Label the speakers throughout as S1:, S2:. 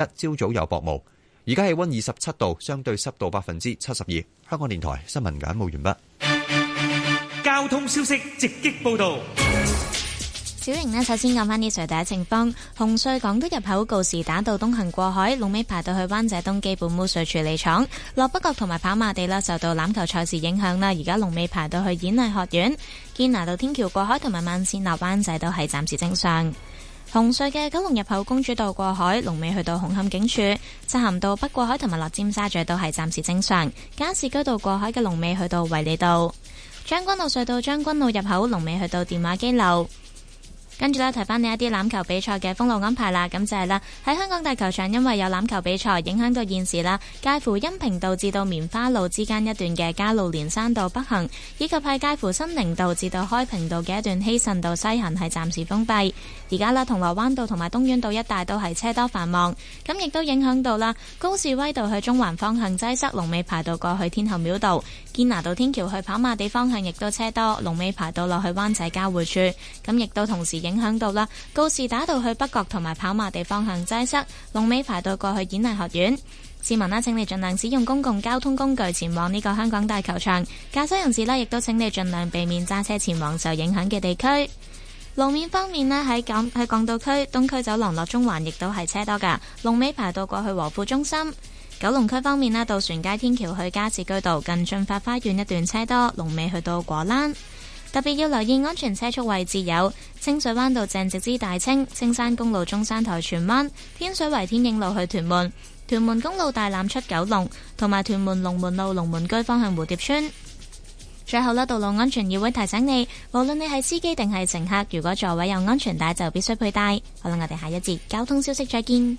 S1: 一朝早有薄霧，而家氣溫二十七度，相對濕度百分之七十二。香港電台新聞簡報完畢。交通消息直擊報道：
S2: 小瑩呢，首先講翻啲隧道情況。紅隧港島入口告士打道東行過海，龍尾排到去灣仔東基本污水處理廠。落北角同埋跑馬地啦，受到欖球賽事影響啦，而家龍尾排到去演藝學院。堅拿道天橋過海同埋慢綫落灣仔都係暫時正常。紅隧嘅九龍入口公主道過海，龍尾去到紅磡警署；西行到北過海同埋落尖沙咀都係暫時正常。加士居道過海嘅龍尾去到衛理道。將軍澳隧道將軍澳入口龍尾去到電話機樓。跟住咧，提翻呢一啲欖球比賽嘅封路安排啦，咁就係、是、啦，喺香港大球場，因為有欖球比賽影響到現時啦，介乎恩平道至到棉花路之間一段嘅加路連山道北行，以及係介乎新寧道至到開平道嘅一段希慎道西行係暫時封閉。而家啦，銅鑼灣道同埋東苑道一帶都係車多繁忙，咁亦都影響到啦，高士威道去中環方向擠塞，龍尾排到過去天后廟道；堅拿道天橋去跑馬地方向亦都車多，龍尾排到落去灣仔交匯處。咁亦都同時影響到啦，告士打道去北角同埋跑馬地方向擠塞，龍尾排到過去演藝學院。市民呢，請你盡量使用公共交通工具前往呢個香港大球場。駕駛人士呢亦都請你盡量避免揸車前往受影響嘅地區。路面方面呢，喺港喺港島區東區走廊落中環，亦都係車多噶，龍尾排到過去和富中心。九龍區方面呢，渡船街天橋去加士居道近駿發花園一段車多，龍尾去到果欄。特別要留意安全車速位置，有清水灣道正直之大清、青山公路中山台荃灣、天水圍天影路去屯門、屯門公路大欖出九龍，同埋屯門龍門路龍門居方向蝴蝶村。最後啦，道路安全議會提醒你，無論你係司機定係乘客，如果座位有安全帶，就必須佩戴。好啦，我哋下一節交通消息再見。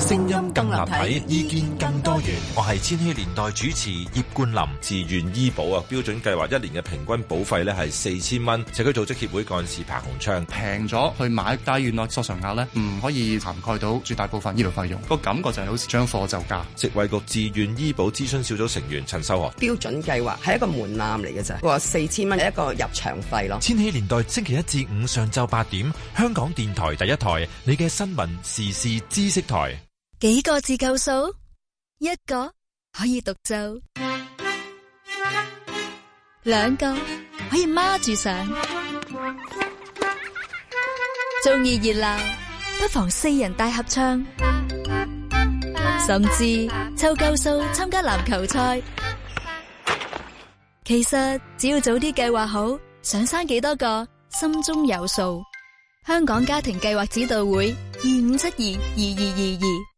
S1: 聲音更立體，意
S3: 見更多元。我係千
S4: 禧年代主持葉冠霖。自願醫保啊，標準計劃一年嘅平均保費咧係四千蚊。社區組織協會幹事彭洪昌，平咗去買，但係原來索償額咧唔可以涵蓋到絕大部分醫療費用。個感覺就係好似將貨就價。食衛局自願醫保諮詢小組成員陳秀荷，
S1: 標準計劃係一個門檻嚟嘅啫，話四千蚊係一個入場費咯。
S4: 千禧年代星期一至五上晝八點，香港電台第一台，你嘅新聞時事知識台。
S5: 幾個字夠數？一個可以獨奏，兩個可以孖住上，中意熱鬧不妨四人大合唱，甚至湊夠數參加籃球賽。其實只要早啲計劃好，想生幾多個心中有數。香港家庭計劃指導會二五七二二二二二。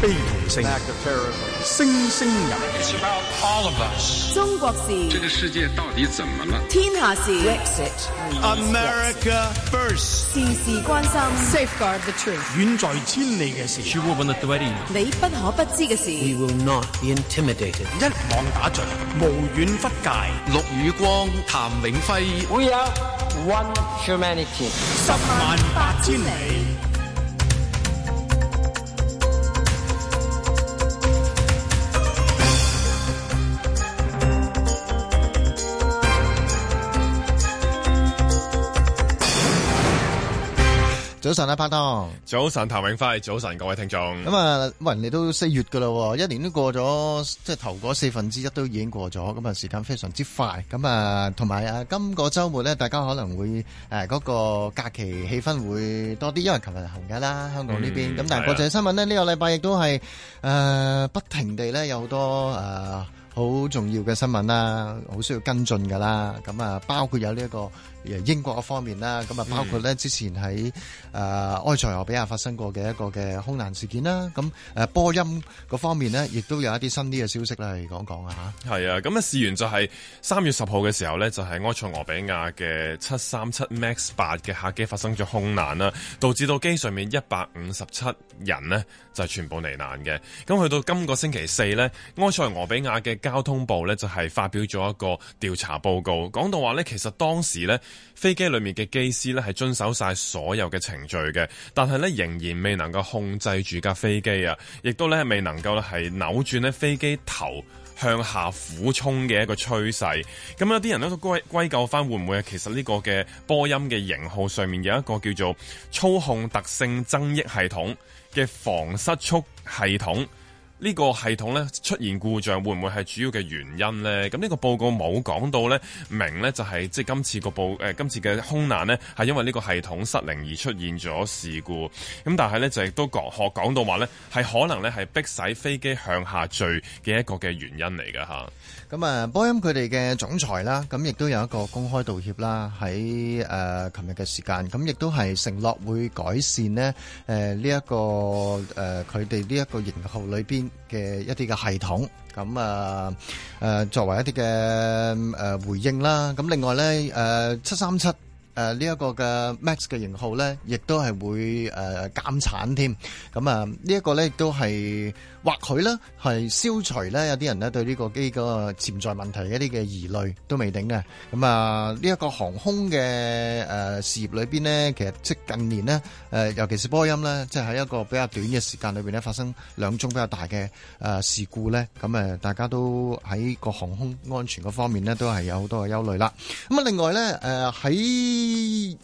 S1: 悲痛聲，聲聲
S4: 入耳。中國事，這個世界到底怎麼了？天
S6: 下事，America first。事事關心。Safeguard the truth。遠
S4: 在千里嘅事，
S6: 你不可不知嘅事。We
S4: will not be intimidated。一網打盡，無遠不屆。陸宇光、譚永輝，We are
S1: one humanity。十萬八千里。
S3: 早晨啊，拍檔！早晨，譚
S4: 永輝，早晨，各位聽眾。咁啊，喂，
S3: 人哋都四月噶啦，一年都過咗，即係頭嗰四分之一都已經過咗，咁啊，時間非常之快。咁啊，同埋啊，今個周末咧，大家可能會誒，嗰個假期氣氛會多啲，因為琴日行噶啦，香港呢邊。咁但係國際新聞咧，呢個禮拜亦都係誒，不停地咧，有好多誒，好重要嘅新聞啦，好需要跟進噶啦。咁啊，包括有呢一個。英國方面啦，咁啊包括咧之前喺誒埃塞俄比亞發生過嘅一個嘅空難事件啦，咁、啊、誒波音個方面呢，亦都有一啲新啲嘅消息咧，嚟講講啊嚇。
S4: 係啊，咁啊試完就係三月十號嘅時候呢，就係、是、埃塞俄比亞嘅七三七 Max 八嘅客機發生咗空難啦，導致到機上面一百五十七人呢就是、全部罹難嘅。咁去到今個星期四呢，埃塞俄比亞嘅交通部呢就係、是、發表咗一個調查報告，講到話呢，其實當時呢。飛機裏面嘅機師咧係遵守晒所有嘅程序嘅，但係咧仍然未能夠控制住架飛機啊，亦都咧未能夠咧係扭轉咧飛機頭向下俯衝嘅一個趨勢。咁有啲人都歸歸咎翻會唔會其實呢個嘅波音嘅型號上面有一個叫做操控特性增益系統嘅防失速系統。呢個系統咧出現故障，會唔會係主要嘅原因咧？咁呢個報告冇講到咧，明咧就係即係今次個報誒今次嘅空難咧，係因為呢個系統失靈而出現咗事故。咁但係咧，就亦都講學講到話咧，係可能咧係逼使飛機向下墜嘅一個嘅原因嚟嘅吓。
S3: 咁啊，波音佢哋嘅總裁啦，咁亦都有一個公開道歉啦，喺誒琴日嘅時間，咁亦都係承諾會改善咧誒呢一個誒佢哋呢一個型號裏邊。嘅一啲嘅系統咁啊，誒、呃，作為一啲嘅誒回應啦，咁另外咧，誒，七三七。誒呢一個嘅 Max 嘅型號咧，亦都係會誒減產添。咁、呃、啊，嗯這個、呢一個咧亦都係或許咧係消除咧有啲人咧對呢個機個潛在問題一啲嘅疑慮都未定嘅。咁、嗯、啊，呢、這、一個航空嘅誒、呃、事業裏邊咧，其實即近年呢，誒、呃、尤其是波音咧，即、就、喺、是、一個比較短嘅時間裏邊咧發生兩宗比較大嘅誒、呃、事故咧，咁、嗯、誒、呃、大家都喺個航空安全嗰方面咧都係有好多嘅憂慮啦。咁、嗯、啊，另外咧誒喺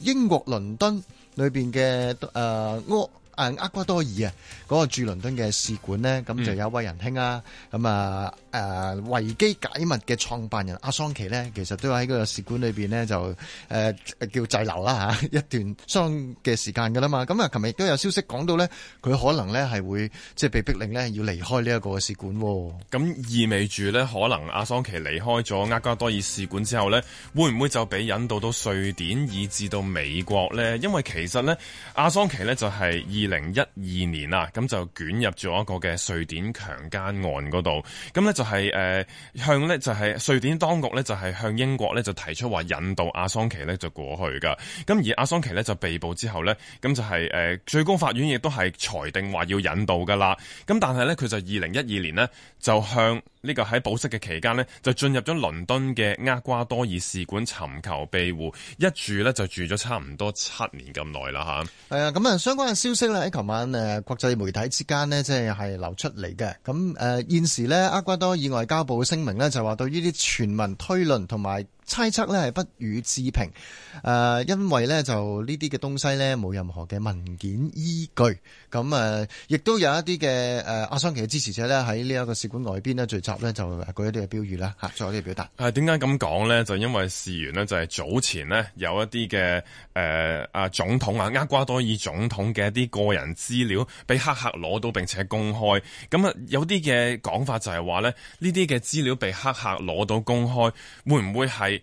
S3: 英國倫敦裏邊嘅誒厄誒厄瓜多爾啊，嗰個駐倫敦嘅使館咧，咁就有位仁兄啊，咁啊。呃誒維、呃、基解密嘅創辦人阿桑奇呢，其實都喺個使館裏邊呢，就、呃、誒叫滯留啦嚇、啊、一段相嘅時間噶啦嘛。咁、嗯、啊，琴日亦都有消息講到呢，佢可能呢係會即係被逼令呢要離開呢一個使館、哦。咁、嗯、意味住
S4: 呢，可能阿桑奇離開咗厄加多爾使館之後呢，會唔會就俾引渡到瑞典以至到美國呢？因為其實呢，阿桑奇呢就係二零一二年啊，咁、嗯、就捲入咗一個嘅瑞典強姦案嗰度，咁咧就。嗯嗯係誒、就是呃，向咧就係、是、瑞典當局咧就係、是、向英國咧就提出話引渡阿桑奇咧就過去噶，咁而阿桑奇咧就被捕之後呢，咁就係、是、誒、呃、最高法院亦都係裁定話要引渡噶啦，咁但係呢，佢就二零一二年呢就向。呢個喺保釋嘅期間呢，就進入咗倫敦嘅厄瓜多爾使館尋求庇護，一住呢，就住咗差唔多七年咁耐啦嚇。
S3: 係啊、嗯，咁啊相關嘅消息咧喺琴晚誒、呃、國際媒體之間呢，即係係流出嚟嘅。咁、嗯、誒、呃、現時呢，厄瓜多爾外交部嘅聲明呢，就話對於啲全民推論同埋猜測呢係不予置評，誒、呃，因為呢就呢啲嘅東西呢，冇任何嘅文件依據，咁、呃、誒，亦都有一啲嘅誒阿桑奇嘅支持者呢，喺呢一個使館外邊呢聚集呢，就舉一啲嘅標語啦嚇，做一啲嘅表達。
S4: 誒點解咁講呢？就因為事源呢，就係早前呢有一啲嘅誒阿總統啊厄瓜多爾總統嘅一啲個人資料被黑客攞到並且公開，咁啊有啲嘅講法就係話呢，呢啲嘅資料被黑客攞到公開，會唔會係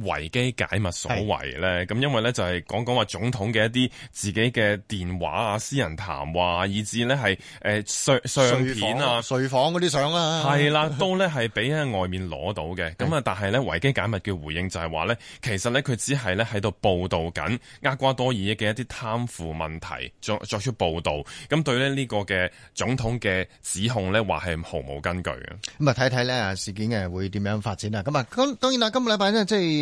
S4: 維基解密所為咧，咁是因為咧就係講講話總統嘅一啲自己嘅電話啊、私人談話，以至呢係誒相相片啊、
S3: 睡房嗰啲相啊，係啦、
S4: 啊，的 都咧係俾喺外面攞到嘅。咁啊是，但係咧維基解密嘅回應就係話咧，其實咧佢只係咧喺度報道緊厄瓜多爾嘅一啲貪腐問題作作出報道。咁對咧呢個嘅總統嘅指控咧，話係毫無根據
S3: 嘅。咁啊睇睇咧事件誒會點樣發展啊？咁啊，咁當然啦，今個禮拜咧即係。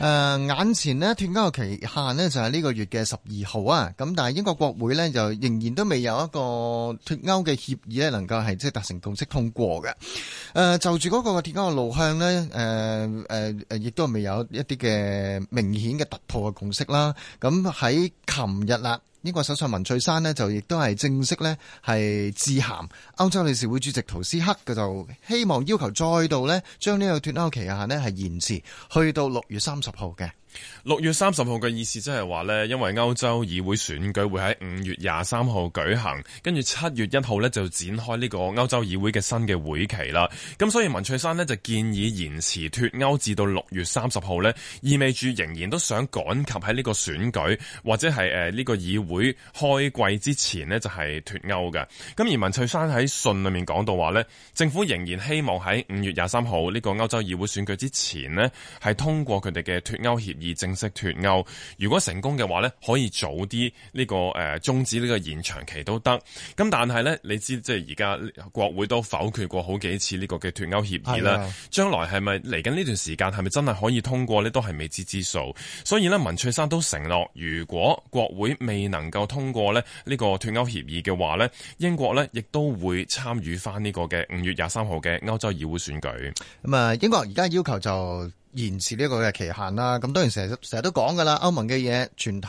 S3: 誒、呃，眼前呢脫歐嘅期限呢就係、是、呢個月嘅十二號啊，咁但係英國國會呢，就仍然都未有一個脫歐嘅協議呢能夠係即係達成共識通過嘅。誒、呃，就住嗰個脫歐嘅路向呢，誒誒誒，亦、呃、都未有一啲嘅明顯嘅突破嘅共識啦。咁喺琴日啦。英國首相文翠珊呢就亦都係正式呢係致函歐洲理事會主席圖斯克嘅，就希望要求再度呢將呢個脫歐期限呢係延遲去到六月三十號嘅。六月三十號嘅意思
S4: 即係話呢，因為歐洲議會選舉會喺五月廿三號舉行，跟住七月一號呢就展開呢個歐洲議會嘅新嘅會期啦。咁所以文翠珊呢就建議延遲脫歐至到六月三十號呢，意味住仍然都想趕及喺呢個選舉或者係誒呢個議會開季之前呢就係脫歐嘅。咁而文翠珊喺信裏面講到話呢，政府仍然希望喺五月廿三號呢個歐洲議會選舉之前呢，係通過佢哋嘅脫歐協。而正式脫歐，如果成功嘅話呢，可以早啲呢、呢個誒終、呃、止呢個延長期都得。咁但係呢，你知即係而家國會都否決過好幾次呢個嘅脫歐協議啦。將的來係咪嚟緊呢段時間係咪真係可以通過呢都係未知之數。所以呢，文翠珊都承諾，如果國會未能夠通過呢呢個脫歐協議嘅話呢，英國呢亦都會參與翻呢個嘅五月廿三號嘅歐洲議會選舉。
S3: 咁啊，英國而家要求就。延遲呢個嘅期限啦，咁當然成日成日都講噶啦，歐盟嘅嘢，全體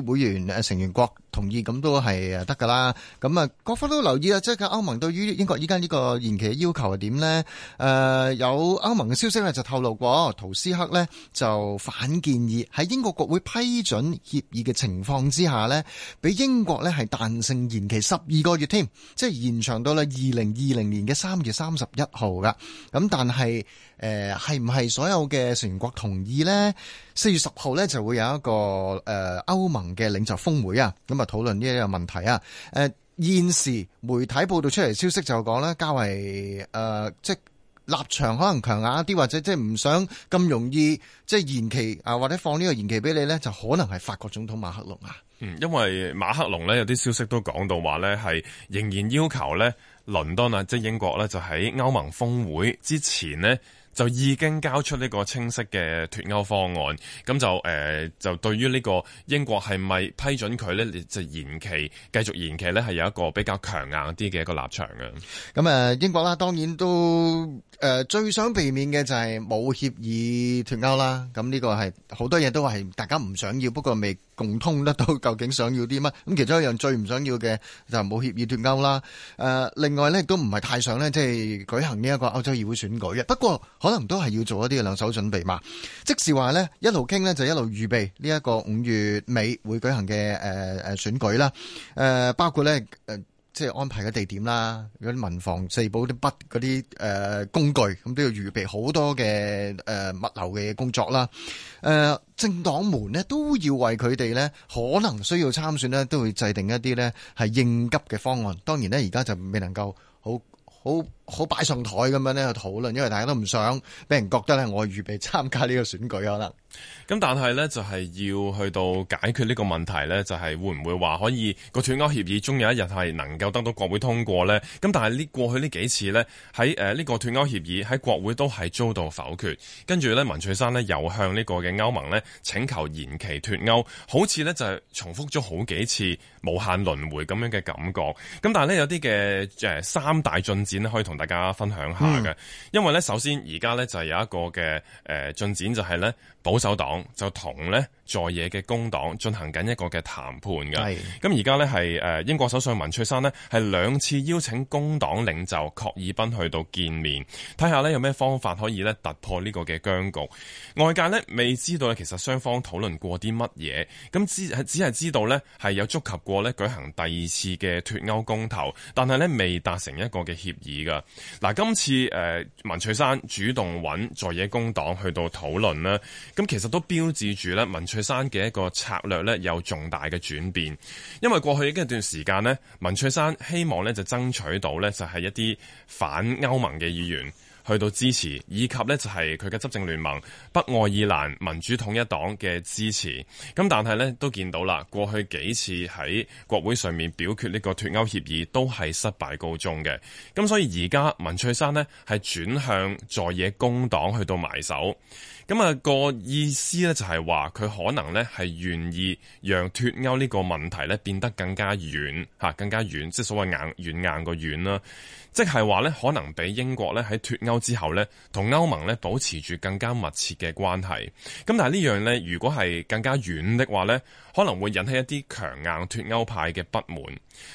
S3: 會員誒、呃、成員國。同意咁都係誒得噶啦，咁啊各方都留意啊，即係歐盟對於英國依家呢個延期嘅要求係點咧？誒、呃，有歐盟嘅消息咧就透露過，圖斯克咧就反建議喺英國國會批准協議嘅情況之下咧，俾英國咧係彈性延期十二個月添，即係延長到啦二零二零年嘅三月三十一號噶。咁但係誒係唔係所有嘅成員國同意咧？四月十號咧就會有一個誒呃、歐盟嘅領袖峰會啊，咁啊。討論呢一個問題啊，誒、呃，現時媒體報道出嚟消息就講咧，較為誒、呃，即立場可能強硬一啲，或者即唔想咁容易即延期啊，或者放呢個延期俾你呢，就可能係法國總統馬克龍啊。嗯，
S4: 因為馬克龍呢，有啲消息都講到話呢，係仍然要求呢倫敦啊，即英國呢，就喺歐盟峰會之前呢。就已經交出呢個清晰嘅脫歐方案，咁就誒、呃、就對於呢個英國係咪批准佢咧，就延期繼續延期咧，係有一個比較強硬啲嘅一個立場嘅。
S3: 咁啊、呃，英國啦，當然都誒、呃、最想避免嘅就係冇協議脫歐啦。咁呢個係好多嘢都係大家唔想要，不過未。共通得到究竟想要啲乜？咁其中一樣最唔想要嘅就係冇協議脱歐啦。誒、呃，另外咧亦都唔係太想咧，即係舉行呢一個歐洲議會選舉嘅。不過可能都係要做一啲兩手準備嘛。即是話咧，一路傾咧就一路預備呢一個五月尾會舉行嘅誒誒選舉啦。誒、呃，包括咧誒。呃即係安排嘅地點啦，有啲文房四寶、啲筆嗰啲誒工具，咁都要預備好多嘅、誒、呃、物流嘅工作啦。誒、呃，政黨們咧都要為佢哋呢可能需要參選呢，都會制定一啲呢係應急嘅方案。當然呢，而家就未能夠好好好擺上台咁樣呢去討論，因為大家都唔想俾人覺得咧我預備參加呢個選舉可能。
S4: 咁但係呢，就係要去到解決呢個問題呢，就係會唔會話可以個脫歐協議終有一日係能夠得到國會通過呢？咁但係呢，過去呢幾次呢，喺誒呢個脫歐協議喺國會都係遭到否決，跟住呢，文翠珊呢又向呢個嘅歐盟呢請求延期脫歐，好似呢就係重複咗好幾次無限輪迴咁樣嘅感覺。咁但係呢，有啲嘅誒三大進展呢，可以同大家分享下嘅，嗯、因為呢，首先而家呢，就係有一個嘅誒進展就係呢。保守黨就同咧。在野嘅工黨進行緊一個嘅談判嘅，係，咁而家咧係誒英國首相文翠珊咧係兩次邀請工黨領袖郝爾彬去到見面，睇下咧有咩方法可以咧突破呢個嘅僵局。外界咧未知道咧其實雙方討論過啲乜嘢，咁只係只係知道咧係有觸及過咧舉行第二次嘅脫歐公投，但係咧未達成一個嘅協議噶。嗱，今次誒、呃、文翠珊主動揾在野工黨去到討論啦，咁其實都標誌住咧文。翠珊嘅一個策略咧有重大嘅轉變。因為過去嘅一段時間咧，文翠珊希望咧就爭取到咧就係一啲反歐盟嘅議員。去到支持，以及呢就係佢嘅執政聯盟北愛爾蘭民主統一黨嘅支持。咁但係呢都見到啦，過去幾次喺國會上面表決呢個脫歐協議都係失敗告終嘅。咁所以而家文翠珊呢係轉向在野工黨去到埋手。咁、那、啊個意思呢就係話佢可能呢係願意讓脫歐呢個問題呢變得更加軟嚇，更加軟，即係所謂硬軟硬個軟啦。即係話，咧，可能比英國咧喺脱歐之後咧，同歐盟咧保持住更加密切嘅關係。咁但係呢樣咧，如果係更加遠的話咧。可能會引起一啲強硬脫歐派嘅不滿。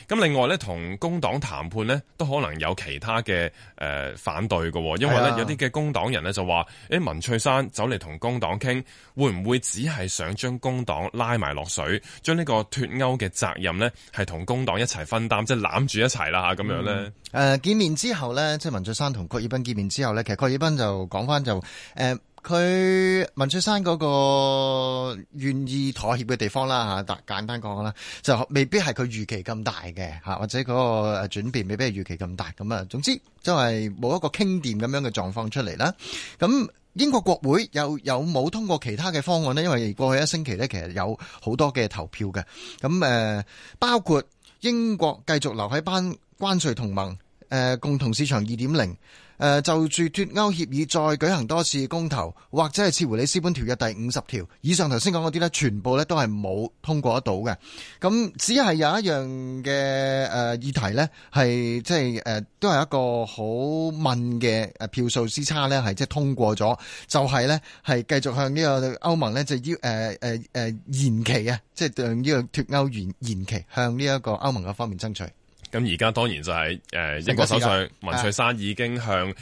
S4: 咁另外咧，同工黨談判呢都可能有其他嘅誒、呃、反對嘅喎。因為咧，是啊、有啲嘅工黨人呢就話：，誒、欸、文翠珊走嚟同工黨傾，會唔會只係想將工黨拉埋落水，將呢個脫歐嘅責任呢係同工黨一齊分擔，即係攬住一齊啦，嚇，咁樣呢，
S3: 誒、嗯呃、見面之後呢，即係文翠珊同郭爾斌見面之後呢，其實郭爾斌就講翻就誒。呃佢文翠珊嗰個願意妥協嘅地方啦，吓，大簡單講啦，就未必係佢預期咁大嘅吓，或者嗰個誒轉變未必係預期咁大咁啊。總之就係冇一個傾掂咁樣嘅狀況出嚟啦。咁英國國會有有冇通過其他嘅方案呢？因為過去一星期呢，其實有好多嘅投票嘅。咁誒，包括英國繼續留喺班關稅同盟，誒，共同市場二點零。誒、呃、就住脫歐協議再舉行多次公投，或者係撤回里斯本條約第五十條以上，頭先講嗰啲呢，全部呢都係冇通過得到嘅。咁只係有一樣嘅誒、呃、議題呢，係即係誒、呃、都係一個好問嘅誒票數之差呢係即係通過咗，就係、是、呢係繼續向呢個歐盟呢、呃呃呃，就要誒誒誒延期啊，即係對呢個脫歐延延期向呢一個歐盟嘅方面爭取。
S4: 咁而家當然就係誒英國首相文翠珊已經向誒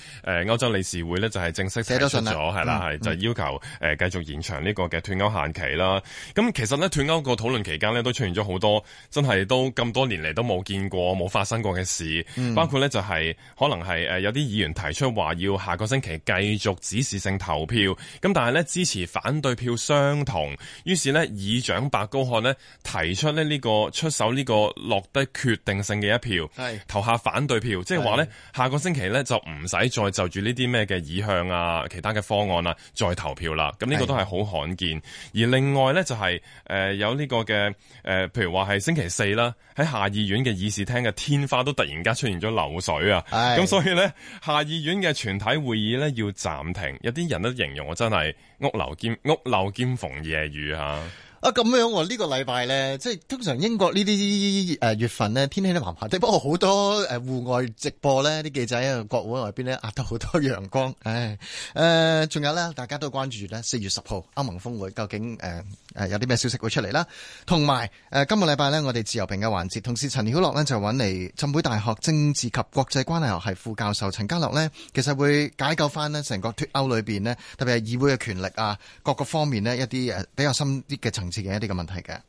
S4: 歐洲理事會咧，就係正式提出咗係啦，係就要求誒繼續延長呢個嘅脫歐限期啦。咁其實咧，脫歐個討論期間咧，都出現咗好多真係都咁多年嚟都冇見過冇發生過嘅事，包括咧就係可能係誒有啲議員提出話要下個星期繼續指示性投票，咁但係咧支持反對票相同，於是咧議長白高漢咧提出咧呢個出手呢個落得決定性嘅票係投下反對票，即係話咧，是的 下個星期咧就唔使再就住呢啲咩嘅意向啊，其他嘅方案啊，再投票啦。咁呢個都係好罕見。是的 而另外咧就係、是、誒、呃、有呢個嘅誒、呃，譬如話係星期四啦，喺下議院嘅議事廳嘅天花都突然間出現咗漏水啊。咁是的 所以咧下議院嘅全體會議咧要暫停。有啲人都形容我真係屋漏兼屋漏兼逢夜雨吓。
S3: 啊咁樣我、哦、呢、這個禮拜咧，即係通常英國呢啲誒月份咧天氣都麻麻哋，不過好多誒戶外直播咧啲記者啊，國會外邊咧壓得好多陽光，誒誒，仲、呃、有咧，大家都關注住咧四月十號歐盟峰會究竟誒誒、呃呃、有啲咩消息會出嚟啦？同埋誒今個禮拜咧，我哋自由評嘅環節，同時陳曉樂咧就揾嚟浸會大學政治及國際關係學系副教授陳家樂咧，其實會解構翻咧成個脫歐裏邊咧，特別係議會嘅權力啊，各個方面咧一啲誒比較深啲嘅層。自己一啲嘅問題嘅。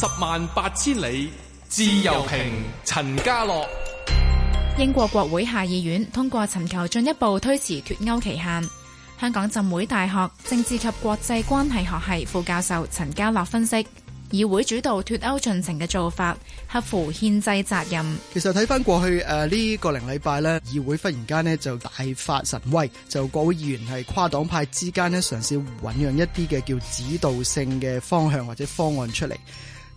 S3: 十萬八千里，自由平，陳家樂。
S7: 英國國會下議院通過尋求進一步推遲脫歐期限。香港浸會大學政治及國際關係學系副教授陳家樂分析。議會主導脫歐進程嘅做法合乎憲制責任。
S8: 其實睇翻過去，誒呢、呃，這個零禮拜呢，議會忽然間呢就大發神威，就國會議員係跨黨派之間呢，嘗試醞釀一啲嘅叫指導性嘅方向或者方案出嚟。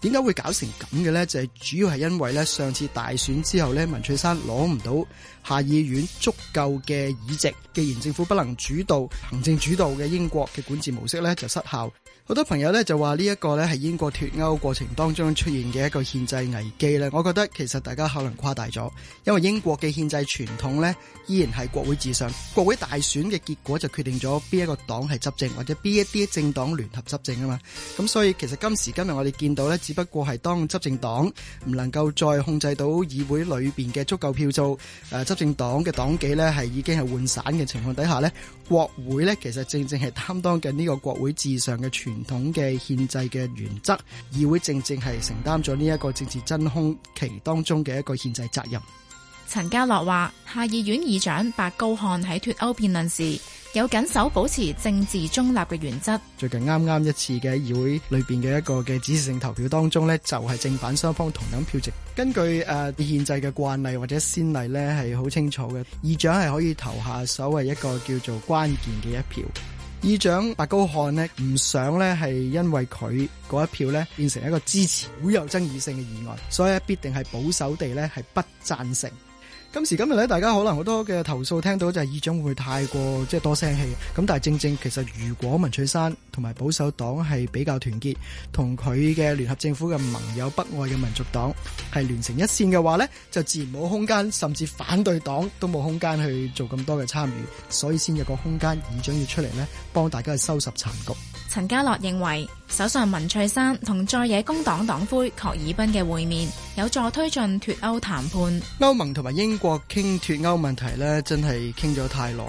S8: 點解會搞成咁嘅呢？就係、是、主要係因為咧上次大選之後呢，文翠珊攞唔到下議院足夠嘅議席。既然政府不能主導，行政主導嘅英國嘅管治模式呢，就失效。好多朋友咧就話呢一個咧係英國脫歐過程當中出現嘅一個憲制危機咧，我覺得其實大家可能誇大咗，因為英國嘅憲制傳統咧依然係國會至上，國會大選嘅結果就決定咗邊一個黨係執政或者邊一啲政黨聯合執政啊嘛，咁所以其實今時今日我哋見到咧只不過係當執政黨唔能夠再控制到議會裏邊嘅足夠票數，誒、啊、執政黨嘅黨紀咧係已經係渙散嘅情況底下咧，國會咧其實正正係擔當緊呢個國會至上嘅傳統，傳統嘅憲制嘅原則，議會正正係承擔咗呢一個政治真空期當中嘅一個憲制責任。
S7: 陳家洛話：，下議院議長白高漢喺脱歐辯論時，有緊守保持政治中立嘅原則。
S8: 最近啱啱一次嘅議會裏邊嘅一個嘅指示性投票當中呢，就係、是、正反雙方同等票值。根據誒憲制嘅慣例或者先例呢，係好清楚嘅，議長係可以投下所謂一個叫做關鍵嘅一票。議長白高漢咧，唔想咧，係因為佢嗰一票咧，變成一個支持好有爭議性嘅意外，所以必定係保守地咧係不贊成。今時今日咧，大家可能好多嘅投訴聽到就係議長會太過即係多聲氣。咁但係正正其實，如果文翠珊同埋保守黨係比較團結，同佢嘅聯合政府嘅盟友北愛嘅民族黨係聯成一線嘅話呢就自然冇空間，甚至反對黨都冇空間去做咁多嘅參與，所以先有個空間議長要出嚟呢幫大家去收拾殘局。
S7: 陳家樂認為，首相文翠珊同在野工黨黨魁郝爾濱嘅會面，
S8: 有助推進脱歐談判。歐盟同埋英國傾脱歐問題咧，真係傾咗太耐。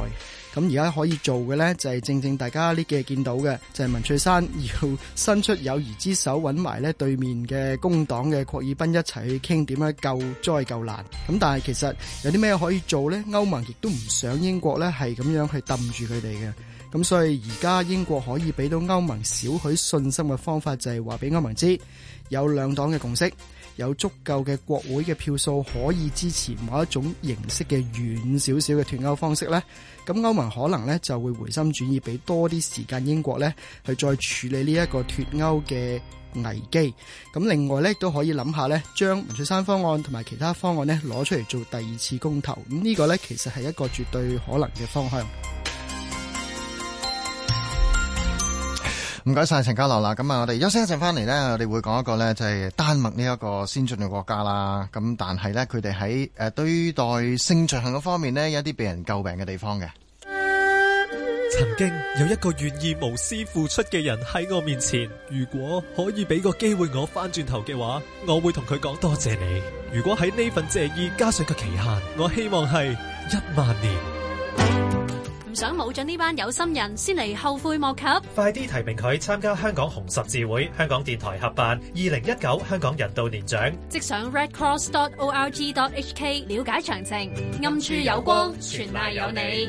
S8: 咁而家可以做嘅咧，就係、是、正正大家呢幾日見到嘅，就係、是、文翠珊要伸出友誼之手，揾埋咧對面嘅工黨嘅郝爾濱一齊去傾點樣救災救難。咁但係其實有啲咩可以做呢？歐盟亦都唔想英國咧係咁樣去抌住佢哋嘅。咁所以而家英國可以俾到歐盟少許信心嘅方法就係話俾歐盟知有兩黨嘅共識，有足夠嘅國會嘅票數可以支持某一種形式嘅軟少少嘅脫歐方式咧。咁歐盟可能咧就會回心轉意，俾多啲時間英國咧去再處理呢一個脫歐嘅危機。咁另外咧都可以諗下咧，將文翠珊方案同埋其他方案咧攞出嚟做第二次公投。咁呢個咧其實，係一個絕對可能嘅方向。
S3: 唔該晒陳家樂啦，咁啊，我哋休息一陣翻嚟咧，我哋會講一個咧，就係丹麥呢一個先進嘅國家啦。咁但係咧，佢哋喺誒對待性罪行嘅方面咧，有啲俾人詬病嘅地方嘅。曾經有一個願意無私付出嘅
S1: 人喺我面前，如果可以俾個機會我翻轉頭嘅話，我會同佢講多謝你。如果喺呢份謝意加上個期限，我希望係一萬年。
S5: 想冇咗呢班有心人，先嚟後悔莫及。快啲
S1: 提名佢參加香港紅十字會、香港電台合辦二零一九香港人道年獎。即
S5: 上 redcross.org.hk 了解詳情。暗處有光，全賴有你。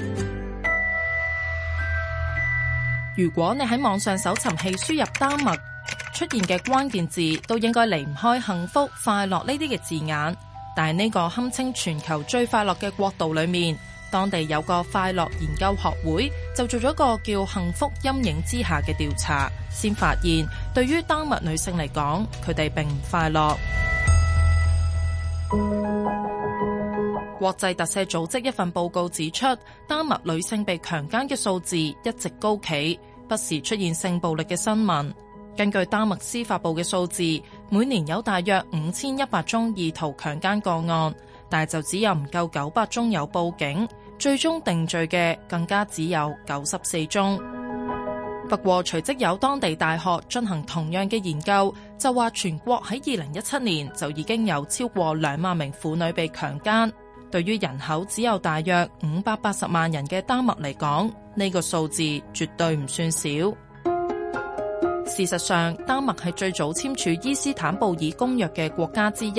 S6: 如果你喺網上搜尋器輸入丹麥，出現嘅關鍵字都應該離唔開幸福、快樂呢啲嘅字眼。但係呢個堪稱全球最快樂嘅國度裏面，當地有個快樂研究學會就做咗個叫《幸福陰影之下》嘅調查，先發現對於丹麥女性嚟講，佢哋並唔快樂。 國際特赦組織一份報告指出，丹麥女性被強姦嘅數字一直高企，不時出現性暴力嘅新聞。根據丹麥司法部嘅數字，每年有大約五千一百宗意圖強姦個案。但就只有唔夠九百宗有報警，最終定罪嘅更加只有九十四宗。不過隨即有當地大學進行同樣嘅研究，就話全國喺二零一七年就已經有超過兩萬名婦女被強姦。對於人口只有大約五百八十萬人嘅丹麥嚟講，呢個數字絕對唔算少。事實上，丹麥係最早簽署伊斯坦布爾公約嘅國家之一。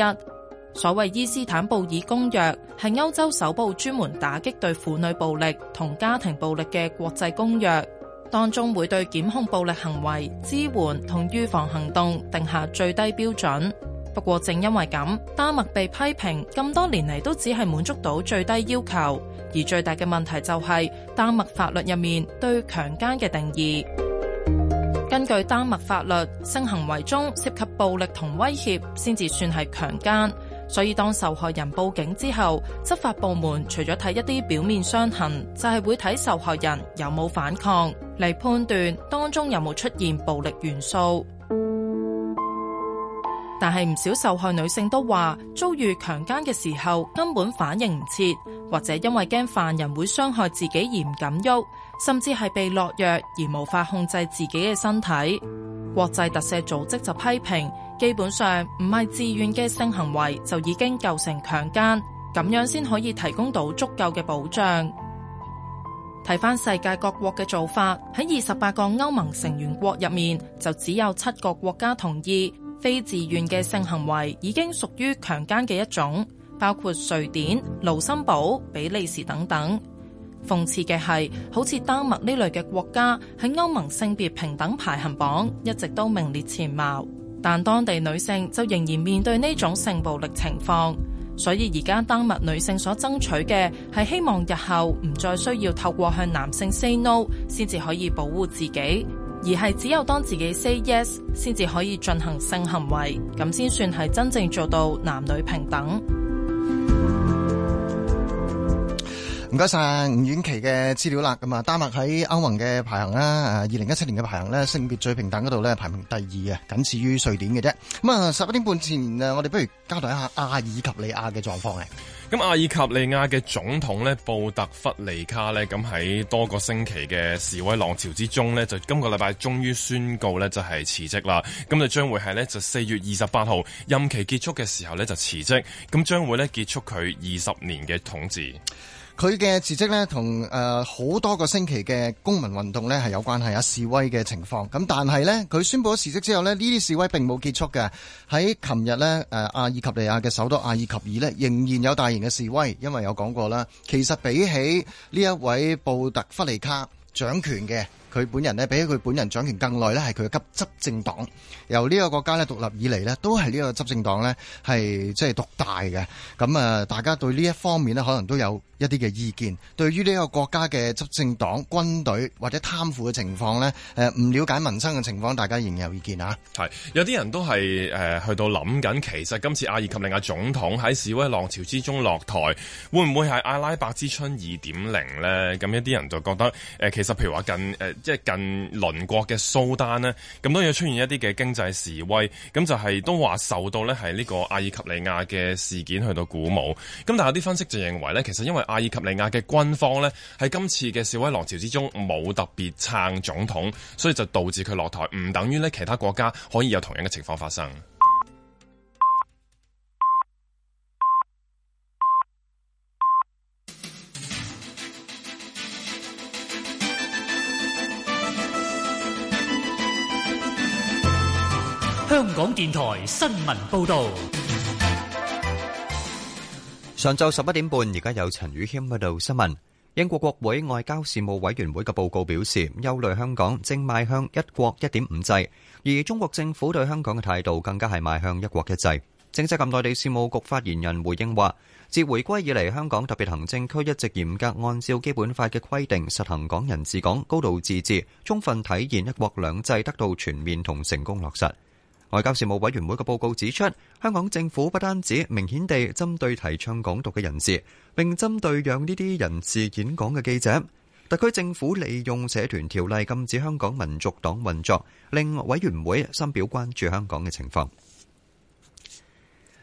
S6: 所謂伊斯坦布爾公約係歐洲首部專門打擊對婦女暴力同家庭暴力嘅國際公約，當中會對檢控暴力行為、支援同預防行動定下最低標準。不過正因為咁，丹麥被批評咁多年嚟都只係滿足到最低要求，而最大嘅問題就係丹麥法律入面對強姦嘅定義。根據丹麥法律，性行為中涉及暴力同威脅先至算係強姦。所以當受害人報警之後，執法部門除咗睇一啲表面傷痕，就係會睇受害人有冇反抗嚟判斷當中有冇出現暴力元素。但係唔少受害女性都話，遭遇強姦嘅時候根本反應唔切，或者因為驚犯人會傷害自己而唔敢喐，甚至係被落藥而無法控制自己嘅身體。國際特赦組織就批評。基本上唔係自願嘅性行為就已經構成強姦，咁樣先可以提供到足夠嘅保障。睇翻世界各國嘅做法，喺二十八個歐盟成員國入面，就只有七個國家同意非自願嘅性行為已經屬於強姦嘅一種，包括瑞典、盧森堡、比利時等等。諷刺嘅係，好似丹麥呢類嘅國家喺歐盟性別平等排行榜一直都名列前茅。但當地女性就仍然面對呢種性暴力情況，所以而家丹麥女性所爭取嘅係希望日後唔再需要透過向男性 say no 先至可以保護自己，而係只有當自己 say yes 先至可以進行性行為，咁先算係真正做到男女平等。
S3: 唔該晒吳婉琪嘅資料啦。咁啊，丹麥喺歐盟嘅排行啦，二零一七年嘅排行咧，性別最平等嗰度咧，排名第二嘅，僅次於瑞典嘅啫。咁、嗯、啊，十一點半前誒、呃，我哋不如交代一下阿爾及利亞嘅狀況嘅。
S4: 咁阿爾及利亞嘅總統咧，布特弗利卡咧，咁喺多個星期嘅示威浪潮之中呢，就今個禮拜終於宣告呢，就係辭職啦。咁就將會係呢，就四月二十八號任期結束嘅時候呢，就辭職，咁將會呢，結束佢二十年嘅統治。
S3: 佢嘅辭職呢，同誒好多個星期嘅公民運動呢，係有關係啊，示威嘅情況，咁但係呢，佢宣布咗辭職之後呢，呢啲示威並冇結束嘅。喺琴日呢，誒、呃、阿爾及利亞嘅首都阿爾及爾呢，仍然有大型嘅示威，因為有講過啦，其實比起呢一位布特弗利卡掌權嘅。佢本人呢，比起佢本人掌權更耐呢，係佢嘅急執政黨。由呢個國家呢，獨立以嚟呢，都係呢個執政黨呢，係即係獨大嘅。咁啊，大家對呢一方面呢，可能都有一啲嘅意見。對於呢個國家嘅執政黨、軍隊或者貪腐嘅情況呢，誒、呃、唔了解，民生嘅情況，大家仍有意見啊。
S4: 係有啲人都係誒、呃、去到諗緊，其實今次阿爾及利亞總統喺示威浪潮之中落台，會唔會係阿拉伯之春二點零呢？咁一啲人就覺得誒、呃，其實譬如話近誒。呃即係近鄰國嘅蘇丹呢，咁都要出現一啲嘅經濟示威，咁就係都話受到呢係呢個阿爾及利亞嘅事件去到鼓舞。咁但係有啲分析就認為呢，其實因為阿爾及利亞嘅軍方呢，喺今次嘅示威浪潮之中冇特別撐總統，所以就導致佢落台，唔等於呢其他國家可以有同樣嘅情況發生。
S1: 香港電台新聞報道，上晝十一點半，而家有陳宇謙報道新聞。英國國會外交事務委員會嘅報告表示，憂慮香港正邁向一國一點五制，而中國政府對香港嘅態度更加係邁向一國一制。政制及內地事務局發言人回應話，自回歸以嚟，香港特別行政區一直嚴格按照基本法嘅規定實行港人治港、高度自治，充分體現一國兩制，得到全面同成功落實。外交事務委員會嘅報告指出，香港政府不單止明顯地針對提倡港獨嘅人士，並針對讓呢啲人士演講嘅記者，特區政府利用社團條例禁止香港民族黨運作，令委員會深表關注香港嘅情況。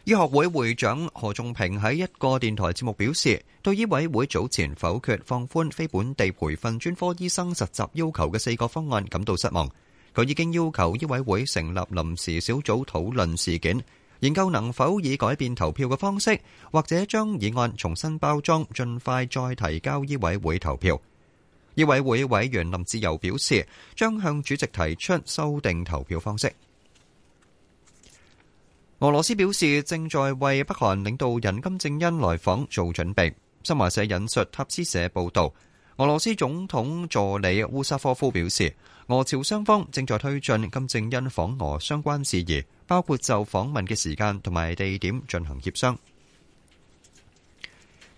S1: 醫學會會長何仲平喺一個電台節目表示，對醫委會早前否決放寬非本地培訓專科醫生實習要求嘅四個方案感到失望。佢已經要求醫委會成立臨時小組討論事件，研究能否以改變投票嘅方式，或者將議案重新包裝，盡快再提交醫委會投票。醫委會委員林志游表示，將向主席提出修訂投票方式。俄羅斯表示正在為北韓領導人金正恩來訪做準備。新華社引述塔斯社報導，俄羅斯總統助理烏沙科夫表示，俄朝雙方正在推進金正恩訪俄相關事宜，包括就訪問嘅時間同埋地點進行協商。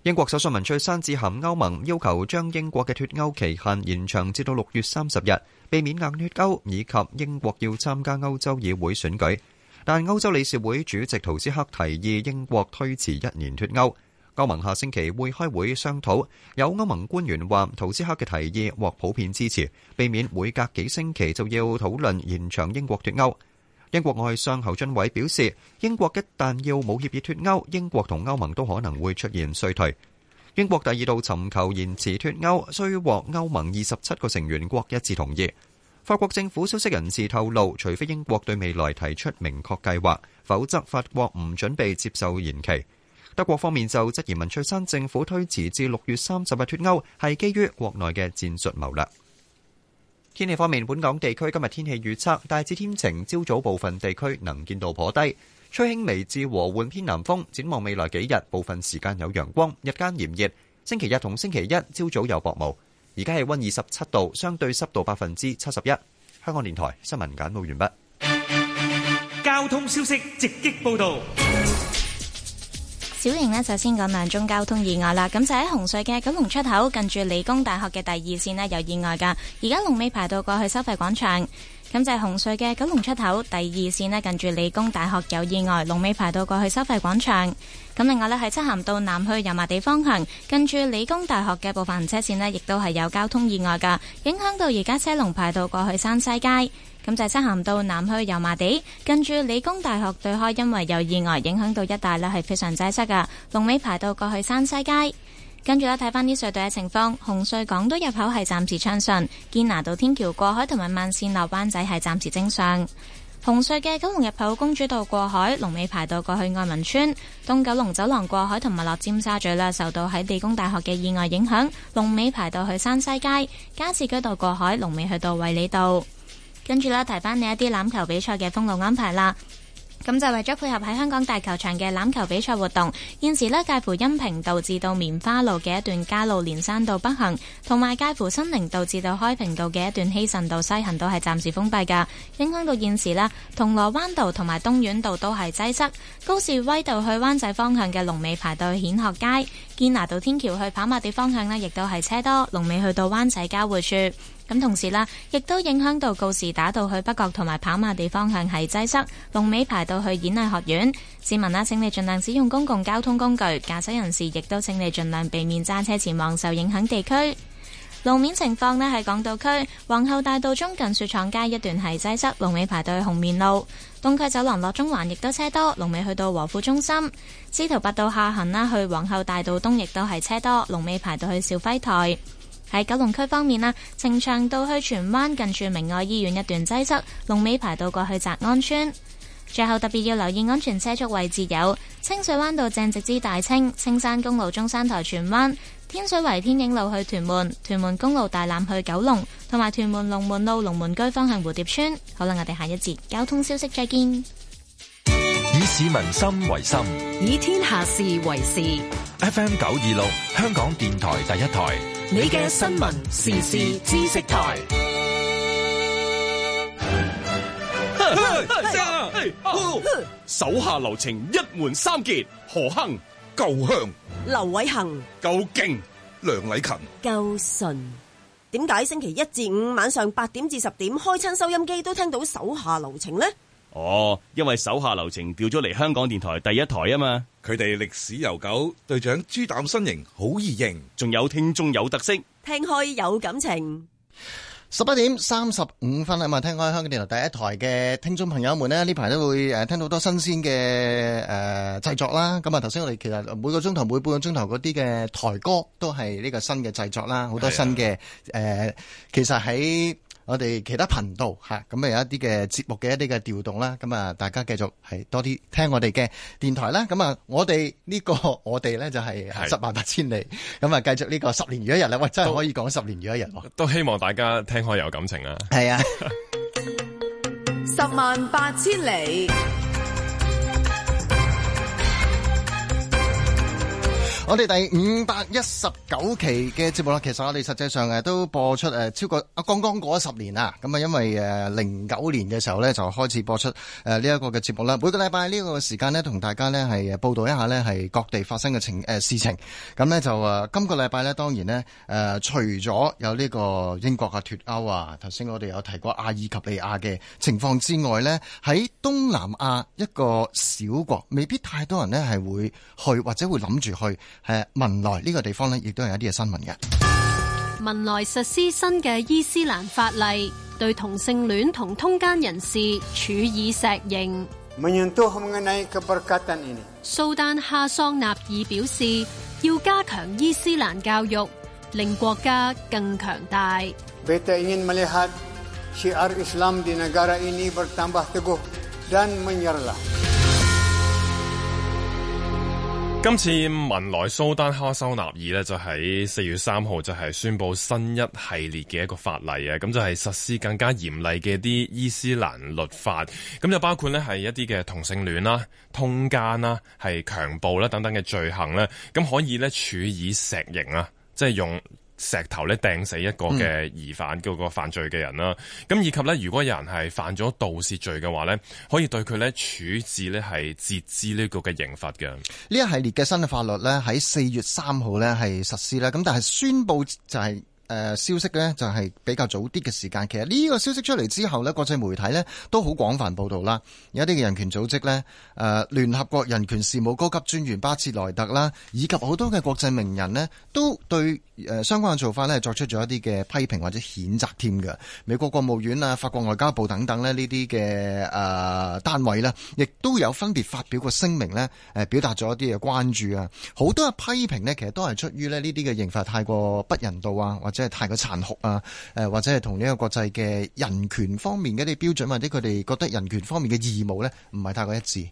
S1: 英國首相文翠珊致函歐盟，要求將英國嘅脫歐期限延長至到六月三十日，避免硬脫歐，以及英國要參加歐洲議會選舉。但歐洲理事會主席圖斯克提議英國推遲一年脫歐。歐盟下星期會開會商討，有歐盟官員話圖斯克嘅提議獲普遍支持，避免每隔幾星期就要討論延長英國脫歐。英國外相侯俊偉表示英國一旦要冇協議脫歐，英國同歐盟都可能會出現衰退。英國第二度尋求延遲脫歐需獲歐盟德國方面就質疑文翠珊政府推遲至六月三十日脱歐，係基於國內嘅戰術謀略。天氣方面，本港地區今日天氣預測大致天晴，朝早部分地區能見度頗低，吹輕微至和緩偏南風。展望未來幾日，部分時間有陽光，日間炎熱。星期日同星期一朝早有薄霧。而家氣溫二十七度，相對濕度百分之七十一。香港電台新聞簡報完畢。交通消息直擊報道。
S2: 小型呢，就先講兩宗交通意外啦。咁就喺紅隧嘅九龍出口近住理工大學嘅第二線呢，有意外噶，而家龍尾排到過去收費廣場。咁就係紅隧嘅九龍出口第二線呢，近住理工大學有意外，龍尾排到過去收費廣場。咁另外呢，喺漆咸道南去油麻地方向近住理工大學嘅部分行車線呢，亦都係有交通意外噶，影響到而家車龍排到過去山西街。咁就塞行到南區油麻地，跟住理工大學對開，因為有意外影響到一帶呢係非常擠塞噶龍尾排到過去山西街，跟住呢睇翻，啲隧道嘅情況，紅隧港島入口係暫時暢順，堅拿道天橋過海同埋慢線落灣仔係暫時正常。紅隧嘅九龍入口公主道過海，龍尾排到過去愛民村東九龍走廊過海同埋落尖沙咀啦。受到喺理工大學嘅意外影響，龍尾排到去山西街，加士居道過海，龍尾去到衛理道。跟住咧，提翻你一啲欖球比賽嘅封路安排啦。咁就為咗配合喺香港大球場嘅欖球比賽活動，現時呢，介乎蔭平道至到棉花路嘅一段加路連山道北行，同埋介乎新寧道至到開平道嘅一段希慎道西行都係暫時封閉噶。影響到現時咧，銅鑼灣道同埋東院道都係擠塞，高士威道去灣仔方向嘅龍尾排到顯學街，堅拿道天橋去跑馬地方向呢，亦都係車多，龍尾去到灣仔交匯處。咁同時啦，亦都影響到告士打道去北角同埋跑馬地方向係擠塞，龍尾排到去演藝學院。市民啦，請你儘量使用公共交通工具。駕駛人士亦都請你儘量避免揸車前往受影響地區。路面情況呢係港島區皇后大道中近雪廠街一段係擠塞，龍尾排到去紅棉路。東區走廊落中環亦都車多，龍尾去到和富中心。司徒拔道下行啦，去皇后大道東亦都係車多，龍尾排到去兆輝台。喺九龍區方面啊，呈祥道去荃灣近住明愛醫院一段擠塞，龍尾排到過去澤安村。最後特別要留意安全車速位置有清水灣道鄭直之大清青山公路中山台荃灣天水圍天影路去屯門屯門公路大欖去九龍，同埋屯門龍門路龍門居方向蝴蝶村。好啦我哋下一節交通消息再見。
S4: 以市民心為心，
S5: 以天下事為事。
S4: FM 九二六，香港電台第一台。
S5: 你嘅新聞時事知識台，
S7: 啊啊啊、
S1: 手下留情，一門三傑，何鏗、夠香、劉偉恒、夠勁、梁禮勤、夠
S2: 順，點解星期一至五晚上八點至十點開親收音機都聽
S6: 到手下留情呢？
S1: 哦，因為手下留情調咗嚟香港電台第一台啊
S4: 嘛。佢哋歷史悠久，隊長豬膽身形好易認，仲有聽眾有特色，
S3: 聽開有感情。十八點三十五分啊，嘛，聽開香港電台第一台嘅聽眾朋友們咧，呢排都會誒聽到好多新鮮嘅誒製作啦。咁啊，頭先我哋其實每個鐘頭每半個鐘頭嗰啲嘅台歌都係呢個新嘅製作啦，好多新嘅誒、啊呃，其實喺。我哋其他頻道吓，咁咪有一啲嘅節目嘅一啲嘅調動啦，咁啊大家繼續係多啲聽我哋嘅電台啦，咁啊我哋呢個我哋咧就係十萬八千里，咁啊是的 繼續呢個十年如一日啦，都喂真係可以講十年如一日都，
S4: 都希望大家聽開有感情啊。係啊，
S3: 十
S6: 萬八千里。
S3: 我哋第五百一十九期嘅節目啦，其實我哋實際上誒都播出誒超過啊剛剛過咗十年啦，咁啊因為誒零九年嘅時候咧就開始播出誒呢一個嘅節目啦。每個禮拜呢個時間咧同大家咧係報道一下呢係各地發生嘅情誒、呃、事情，咁咧就誒今、呃這個禮拜呢，當然呢，誒、呃、除咗有呢個英國嘅脫歐啊，頭先我哋有提過阿爾及利亞嘅情況之外呢，喺東南亞一個小國，未必太多人呢係會去或者會諗住去。誒，文萊呢個地方呢，亦都係一啲嘅新聞嘅。
S5: 文萊實施新嘅伊斯蘭法例，對同性戀同通姦人士處以石
S8: 刑。
S5: 蘇 丹哈桑納爾表示，要加強伊斯蘭教育，令國家更
S3: 強大。
S4: 今次文萊蘇丹哈修納爾呢就喺四月三號就係宣布新一系列嘅一個法例啊，咁就係實施更加嚴厲嘅啲伊斯蘭律法，咁就包括呢係一啲嘅同性戀啦、通姦啦、係強暴啦等等嘅罪行咧，咁可以呢處以石刑啊，即係用。石頭咧掟死一個嘅疑犯，嗰個犯罪嘅人啦。咁、嗯、以及呢，如果有人係犯咗盜竊罪嘅話呢，可以對佢呢處置呢係截肢呢個嘅刑罰
S3: 嘅呢一系列嘅新嘅法律呢，喺四月三號呢係實施啦。咁但係宣布就係、是。誒消息呢就係比較早啲嘅時間。其實呢個消息出嚟之後呢，國際媒體呢都好廣泛報道啦。有啲嘅人權組織呢，誒聯合國人權事務高級專員巴切萊特啦，以及好多嘅國際名人呢，都對誒相關嘅做法呢作出咗一啲嘅批評或者譴責添嘅。美國國務院啊、法國外交部等等呢呢啲嘅誒單位呢，亦都有分別發表過聲明呢，誒表達咗一啲嘅關注啊。好多嘅批評呢，其實都係出於咧呢啲嘅刑罰太過不人道啊，或者，即係太過殘酷啊！誒，或者係同呢個國際嘅人權方面嘅啲標準，或者佢哋覺得人權方面嘅義務呢，唔係太過一致。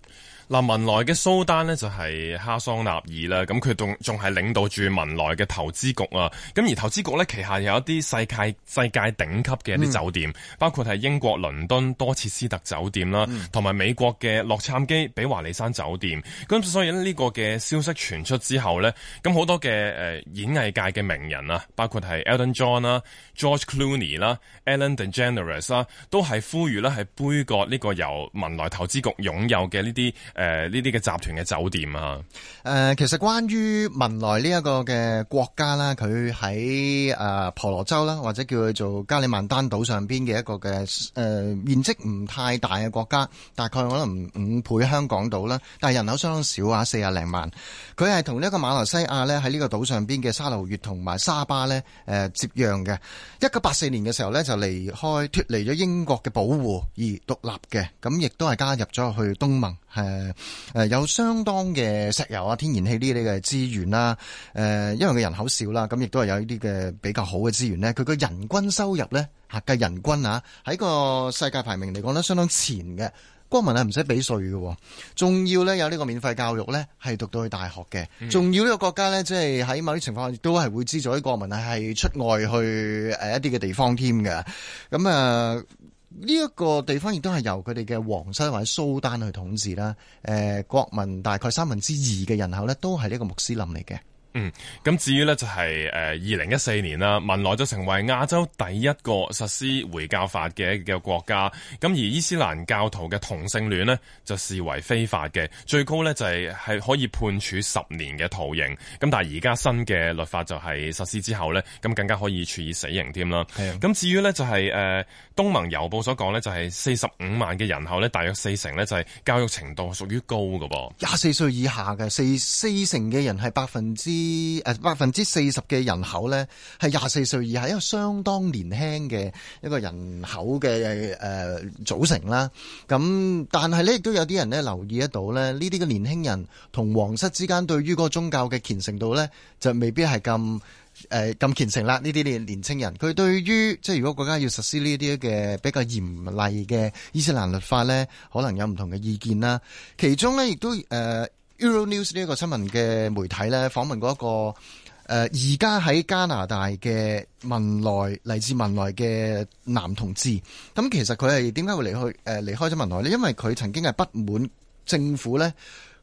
S4: 嗱，文萊嘅蘇丹咧就係哈桑納爾啦，咁佢仲仲係領導住文萊嘅投資局啊，咁而投資局咧旗下有一啲世界世界頂級嘅一啲酒店，嗯、包括係英國倫敦多切斯特酒店啦，同埋、嗯、美國嘅洛杉磯比華利山酒店，咁所以呢個嘅消息傳出之後咧，咁好多嘅誒、呃、演藝界嘅名人啊，包括係 Elton John 啦、George Clooney 啦、Ellen DeGeneres 啦，都係呼籲咧係杯葛呢個由文萊投資局擁有嘅呢啲。誒，呢啲嘅集團嘅酒店
S3: 啊，誒，其實關於文萊呢一個嘅國家啦，佢喺，誒，婆羅洲啦，或者叫佢做加里曼丹島上邊嘅一個嘅誒、呃、面積唔太大嘅國家，大概可能五倍香港島啦，但係人口相當少啊，四十零萬。佢係同呢一個馬來西亞呢，喺呢個島上邊嘅沙撈越同埋沙巴呢，誒、呃、接壤嘅。一九八四年嘅時候呢，就離開脫離咗英國嘅保護而獨立嘅，咁亦都係加入咗去東盟係。呃誒、呃，有相當嘅石油啊、天然氣呢啲嘅資源啦，誒、呃，因為佢人口少啦，咁亦都係有呢啲嘅比較好嘅資源咧。佢嘅人均收入咧，吓計人均啊，喺個世界排名嚟講咧相當前嘅。國民係唔使俾稅嘅，仲要咧有呢個免費教育咧，係讀到去大學嘅。仲要呢個國家咧，即係喺某啲情況下都係會資助啲國民係出外去誒一啲嘅地方添嘅。咁、嗯、啊。呃呢一個地方亦都係由佢哋嘅皇室或者蘇丹去統治啦。誒、呃，國民大概三分之二嘅人口咧，都係呢個穆斯林嚟嘅。
S4: 嗯，咁至於呢、就是，就係誒二零一四年啦，汶萊就成為亞洲第一個實施回教法嘅嘅國家。咁而伊斯蘭教徒嘅同性戀呢，就視為非法嘅，最高呢，就係係可以判處十年嘅徒刑。咁但係而家新嘅律法就係實施之後呢，咁更加可以處以死刑添啦。係啊的。咁至於呢、就是，就係誒東盟郵報所講呢，就係四十五萬嘅人口呢，大約四成呢，就係教育程度屬於高嘅噃。廿
S3: 四歲以下嘅四四成嘅人係百分之。啲誒百分之四十嘅人口呢，係廿四歲以下一個相當年輕嘅一個人口嘅誒組成啦。咁但係呢，亦都有啲人咧留意得到咧，呢啲嘅年輕人同皇室之間對於嗰宗教嘅虔誠度呢，就未必係咁誒咁虔誠啦。呢啲年年輕人佢對於即係如果國家要實施呢啲嘅比較嚴厲嘅伊斯蘭律法呢，可能有唔同嘅意見啦。其中呢，亦都誒。Euro News 呢一個新聞嘅媒體咧，訪問過一個誒，而家喺加拿大嘅文萊，嚟自文萊嘅男同志。咁、嗯、其實佢係點解會離開？誒、呃，離開咗文萊呢？因為佢曾經係不滿政府咧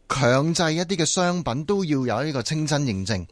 S3: 強制一啲嘅商品都要有呢個清真認證。誒、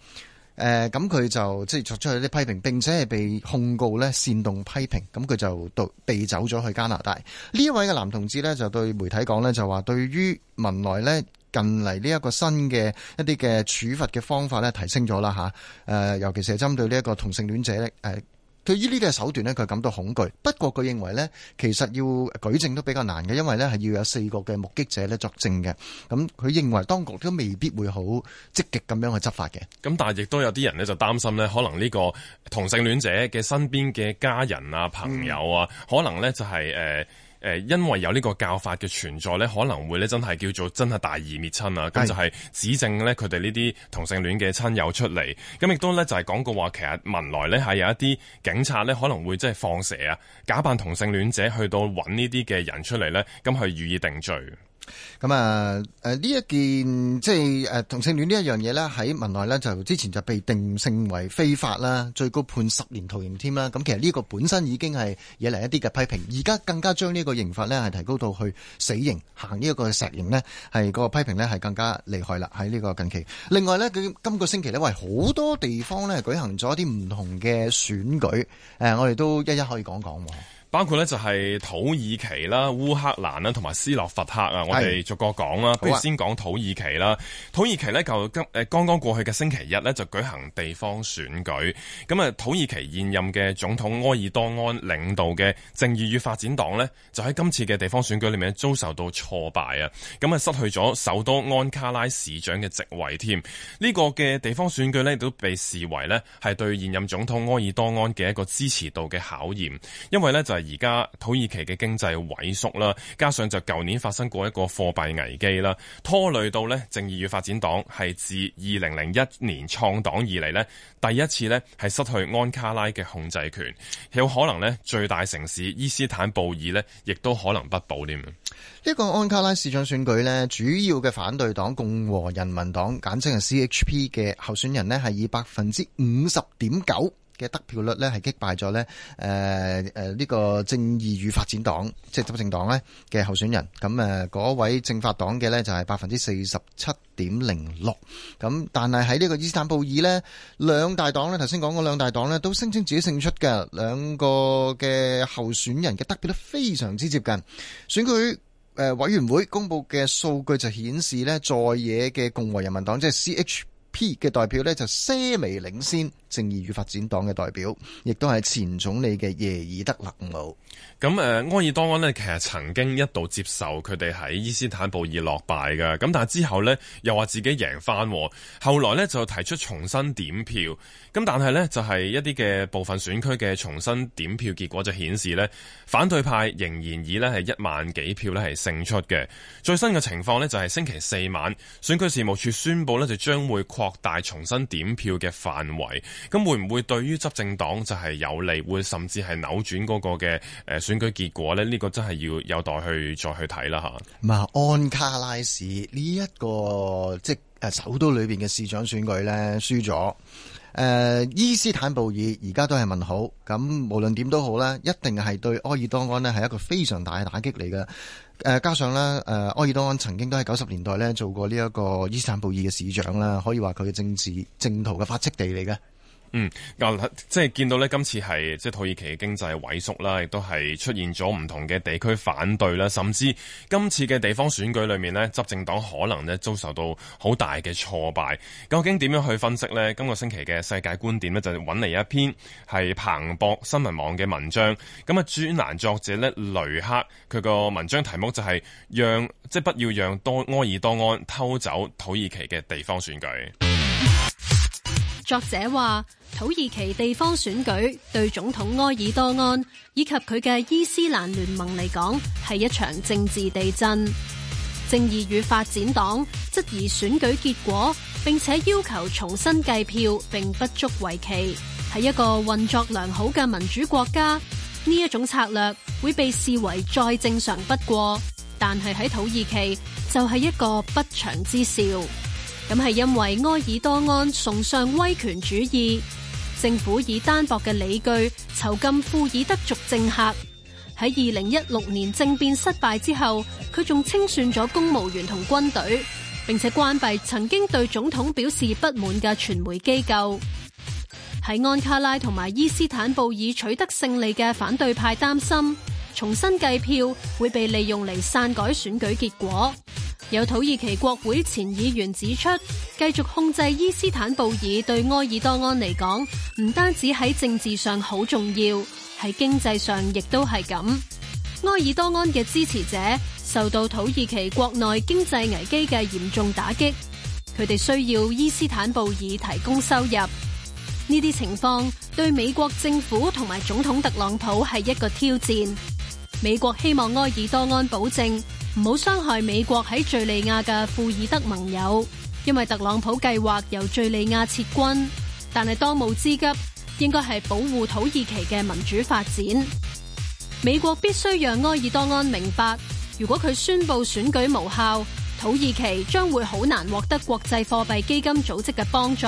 S3: 呃，咁、嗯、佢就即係作出一啲批評，並且係被控告咧煽動批評。咁、嗯、佢就被走咗去加拿大。呢一位嘅男同志呢，就對媒體講呢，就話對於文萊呢。近嚟呢一個新嘅一啲嘅處罰嘅方法咧，提升咗啦嚇。誒、呃，尤其是係針對呢一個同性戀者咧。誒、呃，對於呢啲嘅手段呢，佢感到恐懼。不過佢認為呢，其實要舉證都比較難嘅，因為呢係要有四個嘅目擊者呢作證嘅。咁、嗯、佢認為當局都未必會好積極咁樣去執法嘅。
S4: 咁但係亦都有啲人呢，就擔心呢，可能呢個同性戀者嘅身邊嘅家人啊、朋友啊，嗯、可能呢就係、是、誒。呃誒，因為有呢個教法嘅存在咧，可能會咧真係叫做真係大義滅親啊！咁是就係指證咧佢哋呢啲同性戀嘅親友出嚟，咁亦都咧就係講過話，其實汶萊咧係有一啲警察咧可能會即係放蛇啊，假扮同性戀者去到揾呢啲嘅人出嚟呢咁去予以定罪。
S3: 咁啊，誒呢、呃、一件即係誒、呃、同性戀呢一樣嘢咧，喺汶萊咧就之前就被定性為非法啦，最高判十年徒刑添啦。咁其實呢個本身已經係惹嚟一啲嘅批評，而家更加將呢個刑法咧係提高到去死刑，行呢一個石刑咧係個批評咧係更加厲害啦。喺呢個近期，另外咧佢今個星期咧喂好多地方咧舉行咗一啲唔同嘅選舉，誒、呃、我哋都一一可以講講。
S4: 包括咧就係土耳其啦、烏克蘭啦同埋斯洛伐克啊，是我哋逐個講啦。不如先講土耳其啦。土耳其呢，就今誒剛剛過去嘅星期日呢，就舉行地方選舉。咁啊土耳其現任嘅總統埃爾多安領導嘅正義與發展黨呢，就喺今次嘅地方選舉裏面遭受到挫敗啊！咁啊失去咗首都安卡拉市長嘅職位添。呢、這個嘅地方選舉呢，亦都被視為呢，係對現任總統埃爾多安嘅一個支持度嘅考驗，因為呢就係、是。而家土耳其嘅經濟萎縮啦，加上就舊年發生過一個貨幣危機啦，拖累到呢，正義與發展黨係自二零零一年創黨以嚟呢，第一次呢係失去安卡拉嘅控制權，有可能呢，最大城市伊斯坦布爾呢亦都可能不保添。
S3: 呢個安卡拉市長選舉呢，主要嘅反對黨共和人民黨簡稱係 CHP 嘅候選人呢係以百分之五十點九。嘅得票率呢，係擊敗咗咧，誒誒呢個正義與發展黨，即係執政黨呢嘅候選人。咁啊，嗰位政法黨嘅呢，就係百分之四十七點零六。咁但係喺呢個伊斯坦布爾呢，兩大黨呢，頭先講嗰兩大黨呢，都聲稱自己勝出嘅兩個嘅候選人嘅得票率非常之接近。選舉委員會公布嘅數據就顯示呢，在野嘅共和人民黨，即係 C H P 嘅代表呢，就些微領先。正義與發展黨嘅代表，亦都係前總理嘅耶爾德勒姆。
S4: 咁誒，埃爾多安呢，其實曾經一度接受佢哋喺伊斯坦布爾落敗嘅，咁但係之後呢，又話自己贏翻，後來呢，就提出重新點票。咁但係呢，就係一啲嘅部分選區嘅重新點票結果就顯示呢，反對派仍然以呢係一萬幾票呢係勝出嘅。最新嘅情況呢，就係星期四晚，選區事務處宣布呢，就將會擴大重新點票嘅範圍。咁會唔會對於執政黨就係有利，會甚至係扭轉嗰個嘅誒選舉結果呢？呢、這個真係要有待去再去睇啦嚇。啊、嗯，
S3: 安卡拉市呢一個即係首都裏邊嘅市長選舉呢，輸咗。誒、呃、伊斯坦布爾而家都係問號。咁無論點都好啦，一定係對埃爾多安呢係一個非常大嘅打擊嚟嘅。誒、呃、加上呢，誒埃爾多安曾經都喺九十年代呢做過呢一個伊斯坦布爾嘅市長啦，可以話佢嘅政治政途嘅發跡地嚟嘅。
S4: 嗯，又即係見到咧，今次係即係土耳其經濟萎縮啦，亦都係出現咗唔同嘅地區反對啦，甚至今次嘅地方選舉裏面咧，執政黨可能咧遭受到好大嘅挫敗。究竟點樣去分析咧？今個星期嘅世界觀點咧，就揾嚟一篇係彭博新聞網嘅文章，咁啊專欄作者咧雷克，佢個文章題目就係讓即係不要讓多埃爾多安偷走土耳其嘅地方選舉。
S5: 作者話：土耳其地方選舉對總統埃爾多安以及佢嘅伊斯蘭聯盟嚟講係一場政治地震。正義與發展黨質疑選舉結果，並且要求重新計票，並不足為奇。喺一個運作良好嘅民主國家，呢一種策略會被視為再正常不過。但係喺土耳其就係一個不祥之兆。咁係因為埃爾多安崇尚威權主義，政府以單薄嘅理據囚禁庫爾德族政客。喺二零一六年政變失敗之後，佢仲清算咗公務員同軍隊，並且關閉曾經對總統表示不滿嘅傳媒機構。喺安卡拉同埋伊斯坦布爾取得勝利嘅反對派擔心，重新計票會被利用嚟篡改選舉結果。有土耳其國會前議員指出，繼續控制伊斯坦布爾對埃爾多安嚟講，唔單止喺政治上好重要，喺經濟上亦都係咁。埃爾多安嘅支持者受到土耳其國內經濟危機嘅嚴重打擊，佢哋需要伊斯坦布爾提供收入。呢啲情況對美國政府同埋總統特朗普係一個挑戰。美國希望埃爾多安保證。唔好傷害美國喺敘利亞嘅庫爾德盟友，因為特朗普計劃由敘利亞撤軍，但係當務之急應該係保護土耳其嘅民主發展。美國必須讓埃爾多安明白，如果佢宣佈選舉無效，土耳其將會好難獲得國際貨幣基金組織嘅幫助。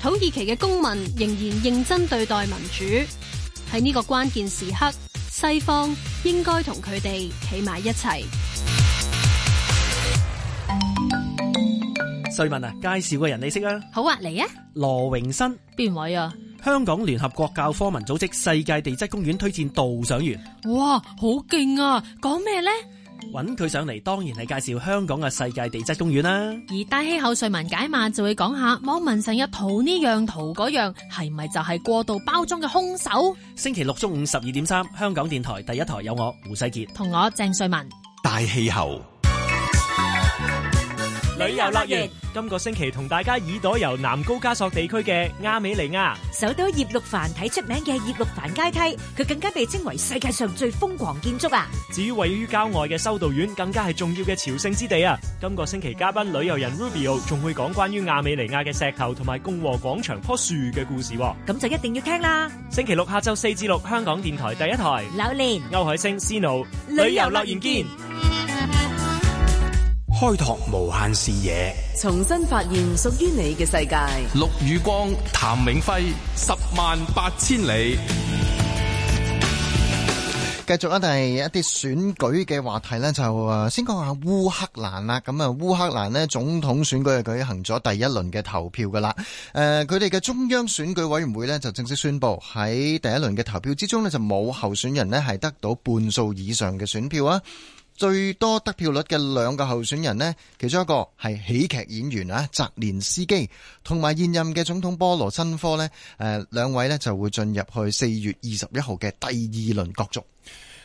S5: 土耳其嘅公民仍然認真對待民主，喺呢個關鍵時刻，西方應該同佢哋企埋一齊。
S6: 瑞文啊，介紹個人你識啊，好啊，嚟啊，羅榮新，邊位啊？香港聯
S1: 合國教科文組織世界地質公園推薦導賞員。
S5: 哇，好勁啊！講咩呢？
S1: 揾佢上嚟，當然係介紹香港嘅世界地質公園啦。
S5: 而大氣候瑞文解碼就會講下，網民成日圖呢樣圖嗰樣，係咪就係過度
S6: 包裝嘅兇手？星期六中午十二點三，香港電台第一台有我胡世傑同我鄭瑞文
S1: 大氣候。
S6: 旅遊樂
S5: 園，今個星期同大家耳朵遊南高加索地區嘅亞美尼亞，首都葉綠凡睇出名嘅葉綠凡階梯，佢更加被稱為世界上最瘋狂建築啊！
S8: 至於位於郊外嘅修道院，更加係重要嘅朝聖之地啊！今個星期嘉賓旅遊人 Rubio
S4: 仲會講關於亞美尼亞嘅石頭同埋共和廣場棵樹嘅故事，咁就一定要聽啦！星期六下晝四至六，香港電台第一台，劉念、歐海星、Sino 旅遊樂園見。
S1: 開拓無限視野，
S6: 重新發現屬於你嘅世界。
S4: 陸宇光、譚永輝，十萬八千里。
S3: 繼續啊，第一啲選舉嘅話題呢，就啊先講下烏克蘭啦。咁啊，烏克蘭呢總統選舉係舉行咗第一輪嘅投票噶啦。誒、呃，佢哋嘅中央選舉委員會呢，就正式宣布喺第一輪嘅投票之中呢，就冇候選人呢係得到半數以上嘅選票啊。最多得票率嘅兩個候選人呢，其中一個係喜劇演員啊澤連斯基，同埋現任嘅總統波羅申科呢，誒兩位呢就會進入去四月二十一號嘅第二輪角逐。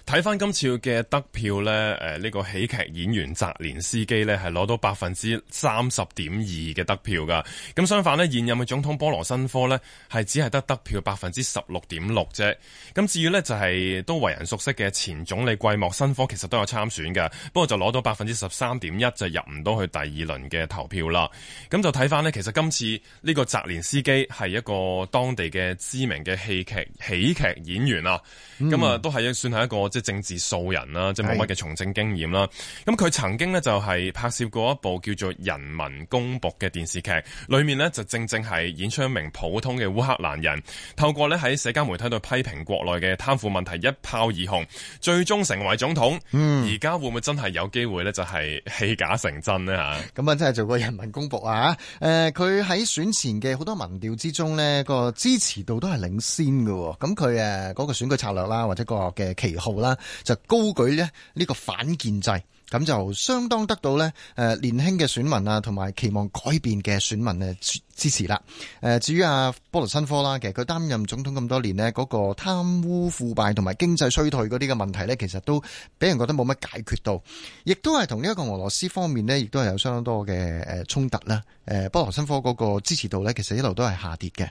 S4: 睇返今次嘅得票呢，誒、這、呢個喜劇演員澤連斯基呢係攞到百分之三十點二嘅得票㗎。咁相反呢，現任嘅總統波羅申科呢係只係得得票百分之十六點六啫。咁至於呢，就係、是、都為人熟悉嘅前總理季莫申科，其實都有參選嘅，不過就攞到百分之十三點一就入唔到去第二輪嘅投票啦。咁就睇返呢，其實今次呢個澤連斯基係一個當地嘅知名嘅戲劇喜劇演員啊。咁啊都係算係一個。嗯即係政治素人啦，即係冇乜嘅從政經驗啦。咁佢是曾經咧就係拍攝過一部叫做《人民公僕》嘅電視劇，裏面咧就正正係演出一名普通嘅烏克蘭人，透過咧喺社交媒體度批評國內嘅貪腐問題，一炮而紅，最終成為總統。嗯，而家會唔會真係有機會咧？就係戲假成真咧吓
S3: 咁啊，嗯、真係做過人民公僕啊！誒，佢喺選前嘅好多民調之中咧，個支持度都係領先嘅。咁佢誒個選舉策略啦，或者個嘅旗號。啦，就高舉咧呢個反建制，咁就相當得到咧誒年輕嘅選民啊，同埋期望改變嘅選民嘅支持啦。誒，至於阿波羅申科啦，其實佢擔任總統咁多年呢，嗰、嗰個貪污腐敗同埋經濟衰退嗰啲嘅問題呢，其實都俾人覺得冇乜解決到，亦都係同呢一個俄羅斯方面呢，亦都係有相當多嘅誒衝突啦。誒，波羅申科嗰個支持度呢，其實一路都係下跌嘅。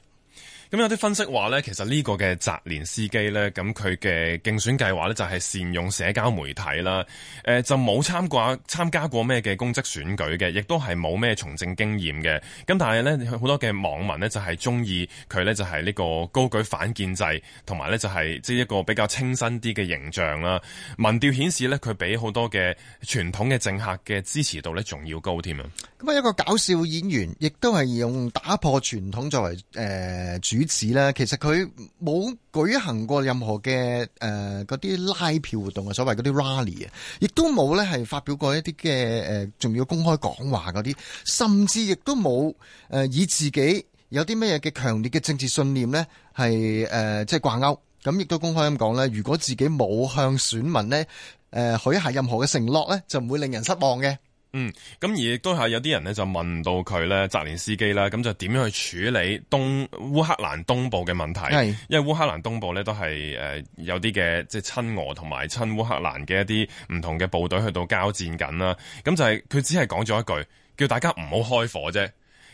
S4: 咁、嗯、有啲分析話咧，其實呢個嘅澤連斯基咧，咁佢嘅競選計劃咧就係善用社交媒體啦，誒、呃，就冇參掛參加過咩嘅公職選舉嘅，亦都係冇咩從政經驗嘅。咁但係咧，好多嘅網民咧就係中意佢咧，就係呢個高舉反建制，同埋咧就係即係一個比較清新啲嘅形象啦。民調顯示咧，佢比好多嘅傳統嘅政客嘅支持度咧仲要高添啊！
S3: 咁啊，一個搞笑演員亦都係用打破傳統作為誒。呃如此咧，其實佢冇舉行過任何嘅誒嗰啲拉票活動啊，所謂嗰啲 rally 啊，亦都冇咧係發表過一啲嘅誒重要公開講話嗰啲，甚至亦都冇誒以自己有啲咩嘢嘅強烈嘅政治信念咧，係誒、呃、即係掛鈎，咁亦都公開咁講咧，如果自己冇向選民咧誒許下任何嘅承諾咧，就唔會令人失望嘅。
S4: 嗯，咁而亦都係有啲人咧就問到佢咧澤連斯基啦，咁就點樣去處理東烏克蘭東部嘅問題？係，因為烏克蘭東部咧都係誒、呃、有啲嘅即係親俄同埋親烏克蘭嘅一啲唔同嘅部隊去到交戰緊啦。咁就係佢只係講咗一句，叫大家唔好開火啫。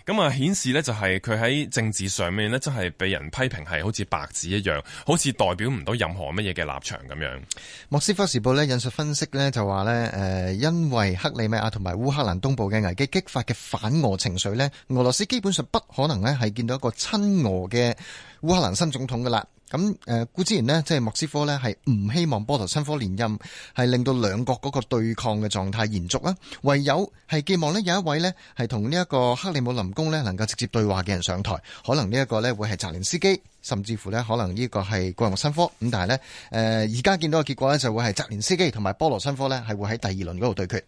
S4: 咁啊，顯示咧就係佢喺政治上面咧，真係俾人批評係好似白紙一樣，好似代表唔到任何乜嘢嘅立場咁樣。
S3: 莫斯科時報咧引述分析咧就話咧，誒、呃、因為克里米亞同埋烏克蘭東部嘅危機激發嘅反俄情緒咧，俄羅斯基本上不可能咧係見到一個親俄嘅烏克蘭新總統噶啦咁誒，固之、呃、然呢，即係莫斯科呢，係唔希望波羅申科連任，係令到兩國嗰個對抗嘅狀態延續啦。唯有係寄望呢，有一位呢係同呢一個克里姆林宮呢能夠直接對話嘅人上台，可能呢一個呢會係澤連斯基，甚至乎呢可能呢個係古羅申科。咁但係呢，誒而家見到嘅結果呢，就會係澤連斯基同埋波羅申科呢係會喺第二輪嗰度對決。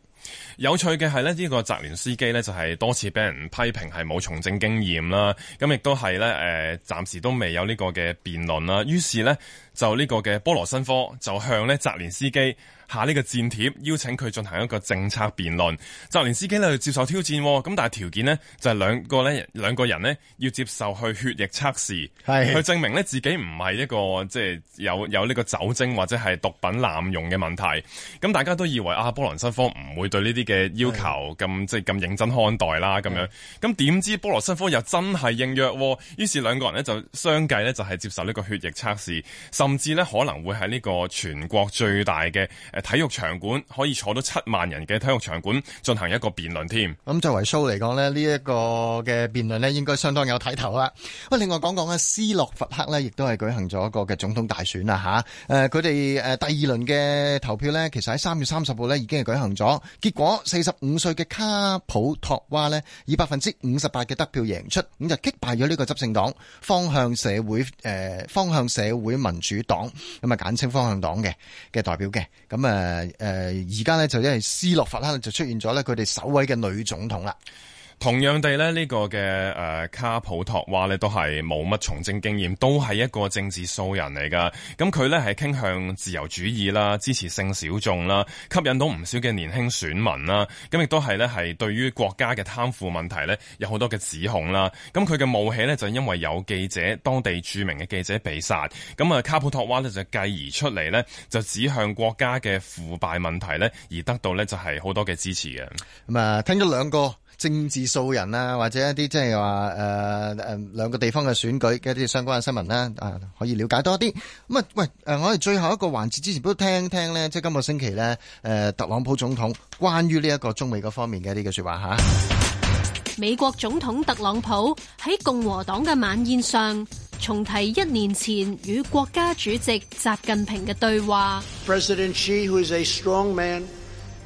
S4: 有趣嘅係咧，呢、這個澤連斯基呢就係、是、多次俾人批評係冇從政經驗啦，咁亦都係呢，誒、呃，暫時都未有呢個嘅辯論啦。於是呢，就呢個嘅波羅申科就向呢澤連斯基。下呢個戰帖，邀請佢進行一個政策辯論，就連司機呢接受挑戰，咁但係條件呢，就係、是、兩個呢，兩個人呢要接受去血液測試，係去是證明呢自己唔係一個即係有有呢個酒精或者係毒品濫用嘅問題。咁大家都以為阿、啊、波羅申科唔會對呢啲嘅要求咁是即係咁認真看待啦咁樣。咁點、嗯、知波羅申科又真係應約，於是兩個人呢就相繼呢，就係、是、接受呢個血液測試，甚至呢可能會喺呢個全國最大嘅。誒體育場館可以坐到七萬人嘅體育場館進行一個辯論添。
S3: 咁作為 show 嚟講呢，呢、這、一個嘅辯論咧應該相當有睇頭啦。喂，另外講講呢斯洛伐克呢亦都係舉行咗一個嘅總統大選啊嚇。誒，佢哋誒第二輪嘅投票呢，其實喺三月三十號呢已經係舉行咗，結果四十五歲嘅卡普托娃呢，以百分之五十八嘅得票贏出，咁就擊敗咗呢個執政黨方向社會誒、呃、方向社會民主黨，咁啊簡稱方向黨嘅嘅代表嘅咁誒誒，而家咧就因為斯洛伐克就出現咗咧，佢哋首位嘅女總統啦。同樣
S4: 地咧，呢、這個嘅誒、呃、卡普托娃咧都係冇乜從政經驗，都係一個政治素人嚟噶。咁、嗯、佢呢係傾向自由主義啦，支持性小眾啦，吸引到唔少嘅年輕選民啦。咁、啊、亦都係咧係對於國家嘅貪腐問題呢，有好多嘅指控啦。咁佢嘅冒起呢，就因為有記者當地著名嘅記者被殺，咁啊卡普托娃呢，就繼而出嚟呢，就指向國家嘅腐敗問題呢，而得到呢，就係、是、好多嘅支持嘅。
S3: 咁啊，聽咗兩個。政治素人啊，或者一啲即係話誒誒，兩個地方嘅選舉嘅一啲相關嘅新聞啦，啊可以了解多啲。咁啊，喂誒、呃，我哋最後一個環節之前都聽聽咧，即係今個星期咧，誒、呃、特朗普總統關於呢一個中美嗰方面嘅一啲嘅說話吓。
S5: 啊、美國總統特朗普喺共和黨嘅晚宴上重提一年前與國家主席習近平嘅對話。
S3: President Xi, who is a strong man.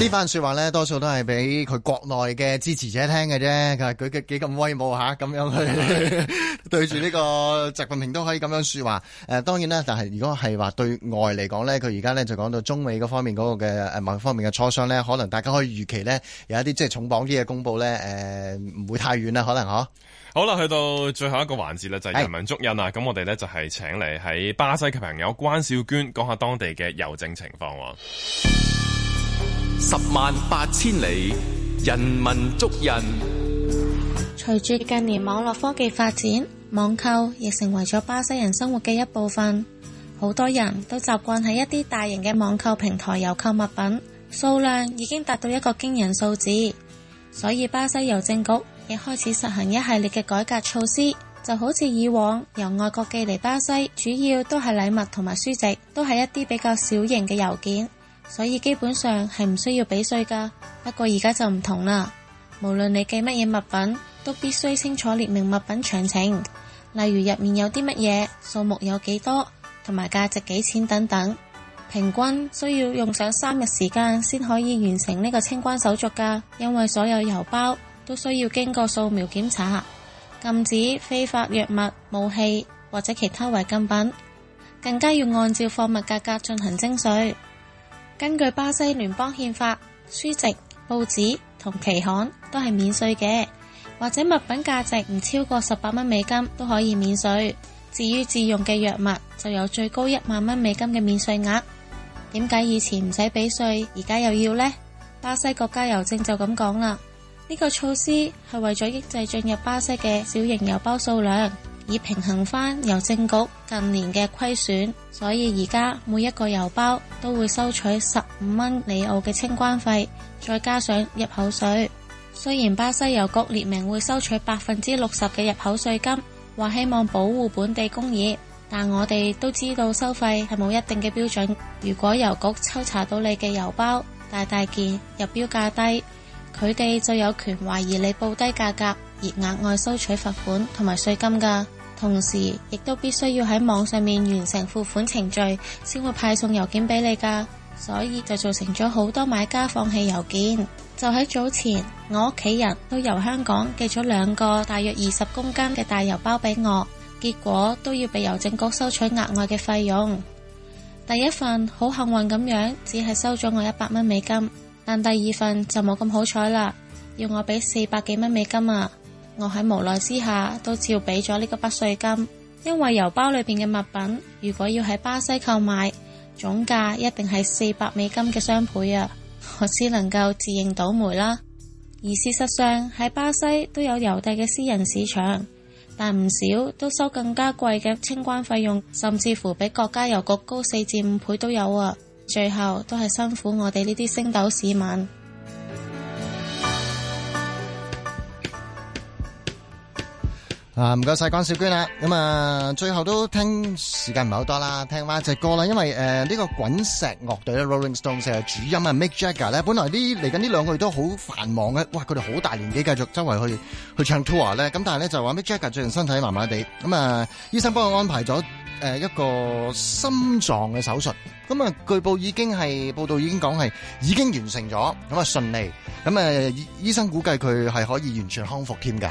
S3: 呢番説話咧，多數都係俾佢國內嘅支持者聽嘅啫。佢係佢嘅幾咁威武嚇，咁、啊、樣去 對住呢個習近平都可以咁樣説話。誒、呃，當然啦，但係如果係話對外嚟講咧，佢而家咧就講到中美嗰方面嗰個嘅誒某方面嘅磋商咧，可能大家可以預期咧有一啲即係重磅啲嘅公佈咧，誒、呃、唔會太遠啦，可能呵。
S4: 啊、好啦，去到最後一個環節啦，就係、人民足印啊！咁是我哋咧就係請嚟喺巴西嘅朋友關少娟講下當地嘅郵政情況。十萬八千里，人民足印。
S7: 隨住近年網絡科技發展，網購亦成為咗巴西人生活嘅一部分。好多人都習慣喺一啲大型嘅網購平台郵購物品，數量已經達到一個驚人數字。所以巴西郵政局亦開始實行一系列嘅改革措施，就好似以往由外國寄嚟巴西，主要都係禮物同埋書籍，都係一啲比較小型嘅郵件。所以基本上係唔需要俾稅噶，不過而家就唔同啦。無論你寄乜嘢物品，都必須清楚列明物品詳情，例如入面有啲乜嘢，數目有幾多，同埋價值幾錢等等。平均需要用上三日時間先可以完成呢個清關手續噶，因為所有郵包都需要經過掃描檢查，禁止非法藥物、武器或者其他違禁品，更加要按照貨物價格進行徵稅。根據巴西聯邦憲法，書籍、報紙同期刊都係免稅嘅，或者物品價值唔超過十八蚊美金都可以免稅。至於自用嘅藥物就有最高一萬蚊美金嘅免稅額。點解以前唔使俾稅，而家又要呢？巴西國家郵政就咁講啦。呢個措施係為咗抑制進入巴西嘅小型郵包數量。以平衡翻郵政局近年嘅虧損，所以而家每一個郵包都會收取十五蚊里奧嘅清關費，再加上入口稅。雖然巴西郵局列明會收取百分之六十嘅入口稅金，話希望保護本地工業，但我哋都知道收費係冇一定嘅標準。如果郵局抽查到你嘅郵包大大件入標價低，佢哋就有權懷疑你報低價格而額外收取罰款同埋稅金噶。同時，亦都必須要喺網上面完成付款程序，先會派送郵件俾你噶。所以就造成咗好多買家放棄郵件。就喺早前，我屋企人都由香港寄咗兩個大約二十公斤嘅大郵包俾我，結果都要被郵政局收取額外嘅費用。第一份好幸運咁樣，只係收咗我一百蚊美金，但第二份就冇咁好彩啦，要我俾四百幾蚊美金啊！我喺無奈之下都照俾咗呢個筆稅金，因為郵包裏邊嘅物品如果要喺巴西購買，總價一定係四百美金嘅雙倍啊！我只能夠自認倒霉啦。而事實上喺巴西都有郵遞嘅私人市場，但唔少都收更加貴嘅清關費用，甚至乎比國家郵局高四至五倍都有啊！最後都係辛苦我哋呢啲星斗市民。
S3: 啊，唔該晒關少娟啦。咁啊，最後都聽時間唔係好多啦，聽翻隻歌啦。因為誒呢、呃這個滾石樂隊 Rolling Stones 嘅主音啊，Mick Jagger 咧，Jag ger, 本來啲嚟緊呢兩個月都好繁忙嘅。哇，佢哋好大年紀，繼續周圍去去唱 tour 咧。咁但係咧就話 Mick Jagger 最近身體麻麻地。咁、呃、啊，醫生幫我安排咗誒、呃、一個心臟嘅手術。咁、呃、啊，據報已經係報道已經講係已經完成咗。咁、嗯、啊順利。咁、呃、啊，醫生估計佢係可以完全康復添㗎。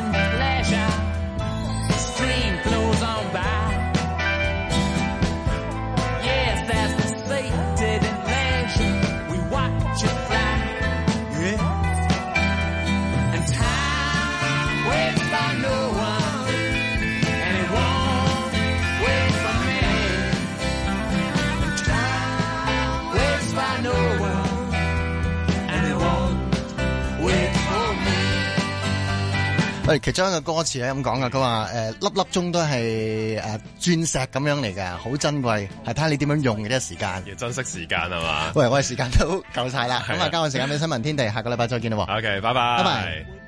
S3: 其中一個歌詞咧咁講噶，佢話誒粒粒鐘都係誒、呃、鑽石咁樣嚟嘅，好珍貴，係睇下你點樣用嘅呢個時間。要珍惜時間係嘛？ 喂，我哋時間都夠晒啦，咁 啊交換時間俾新聞天地，下個禮拜再見啦。OK，拜拜。拜拜。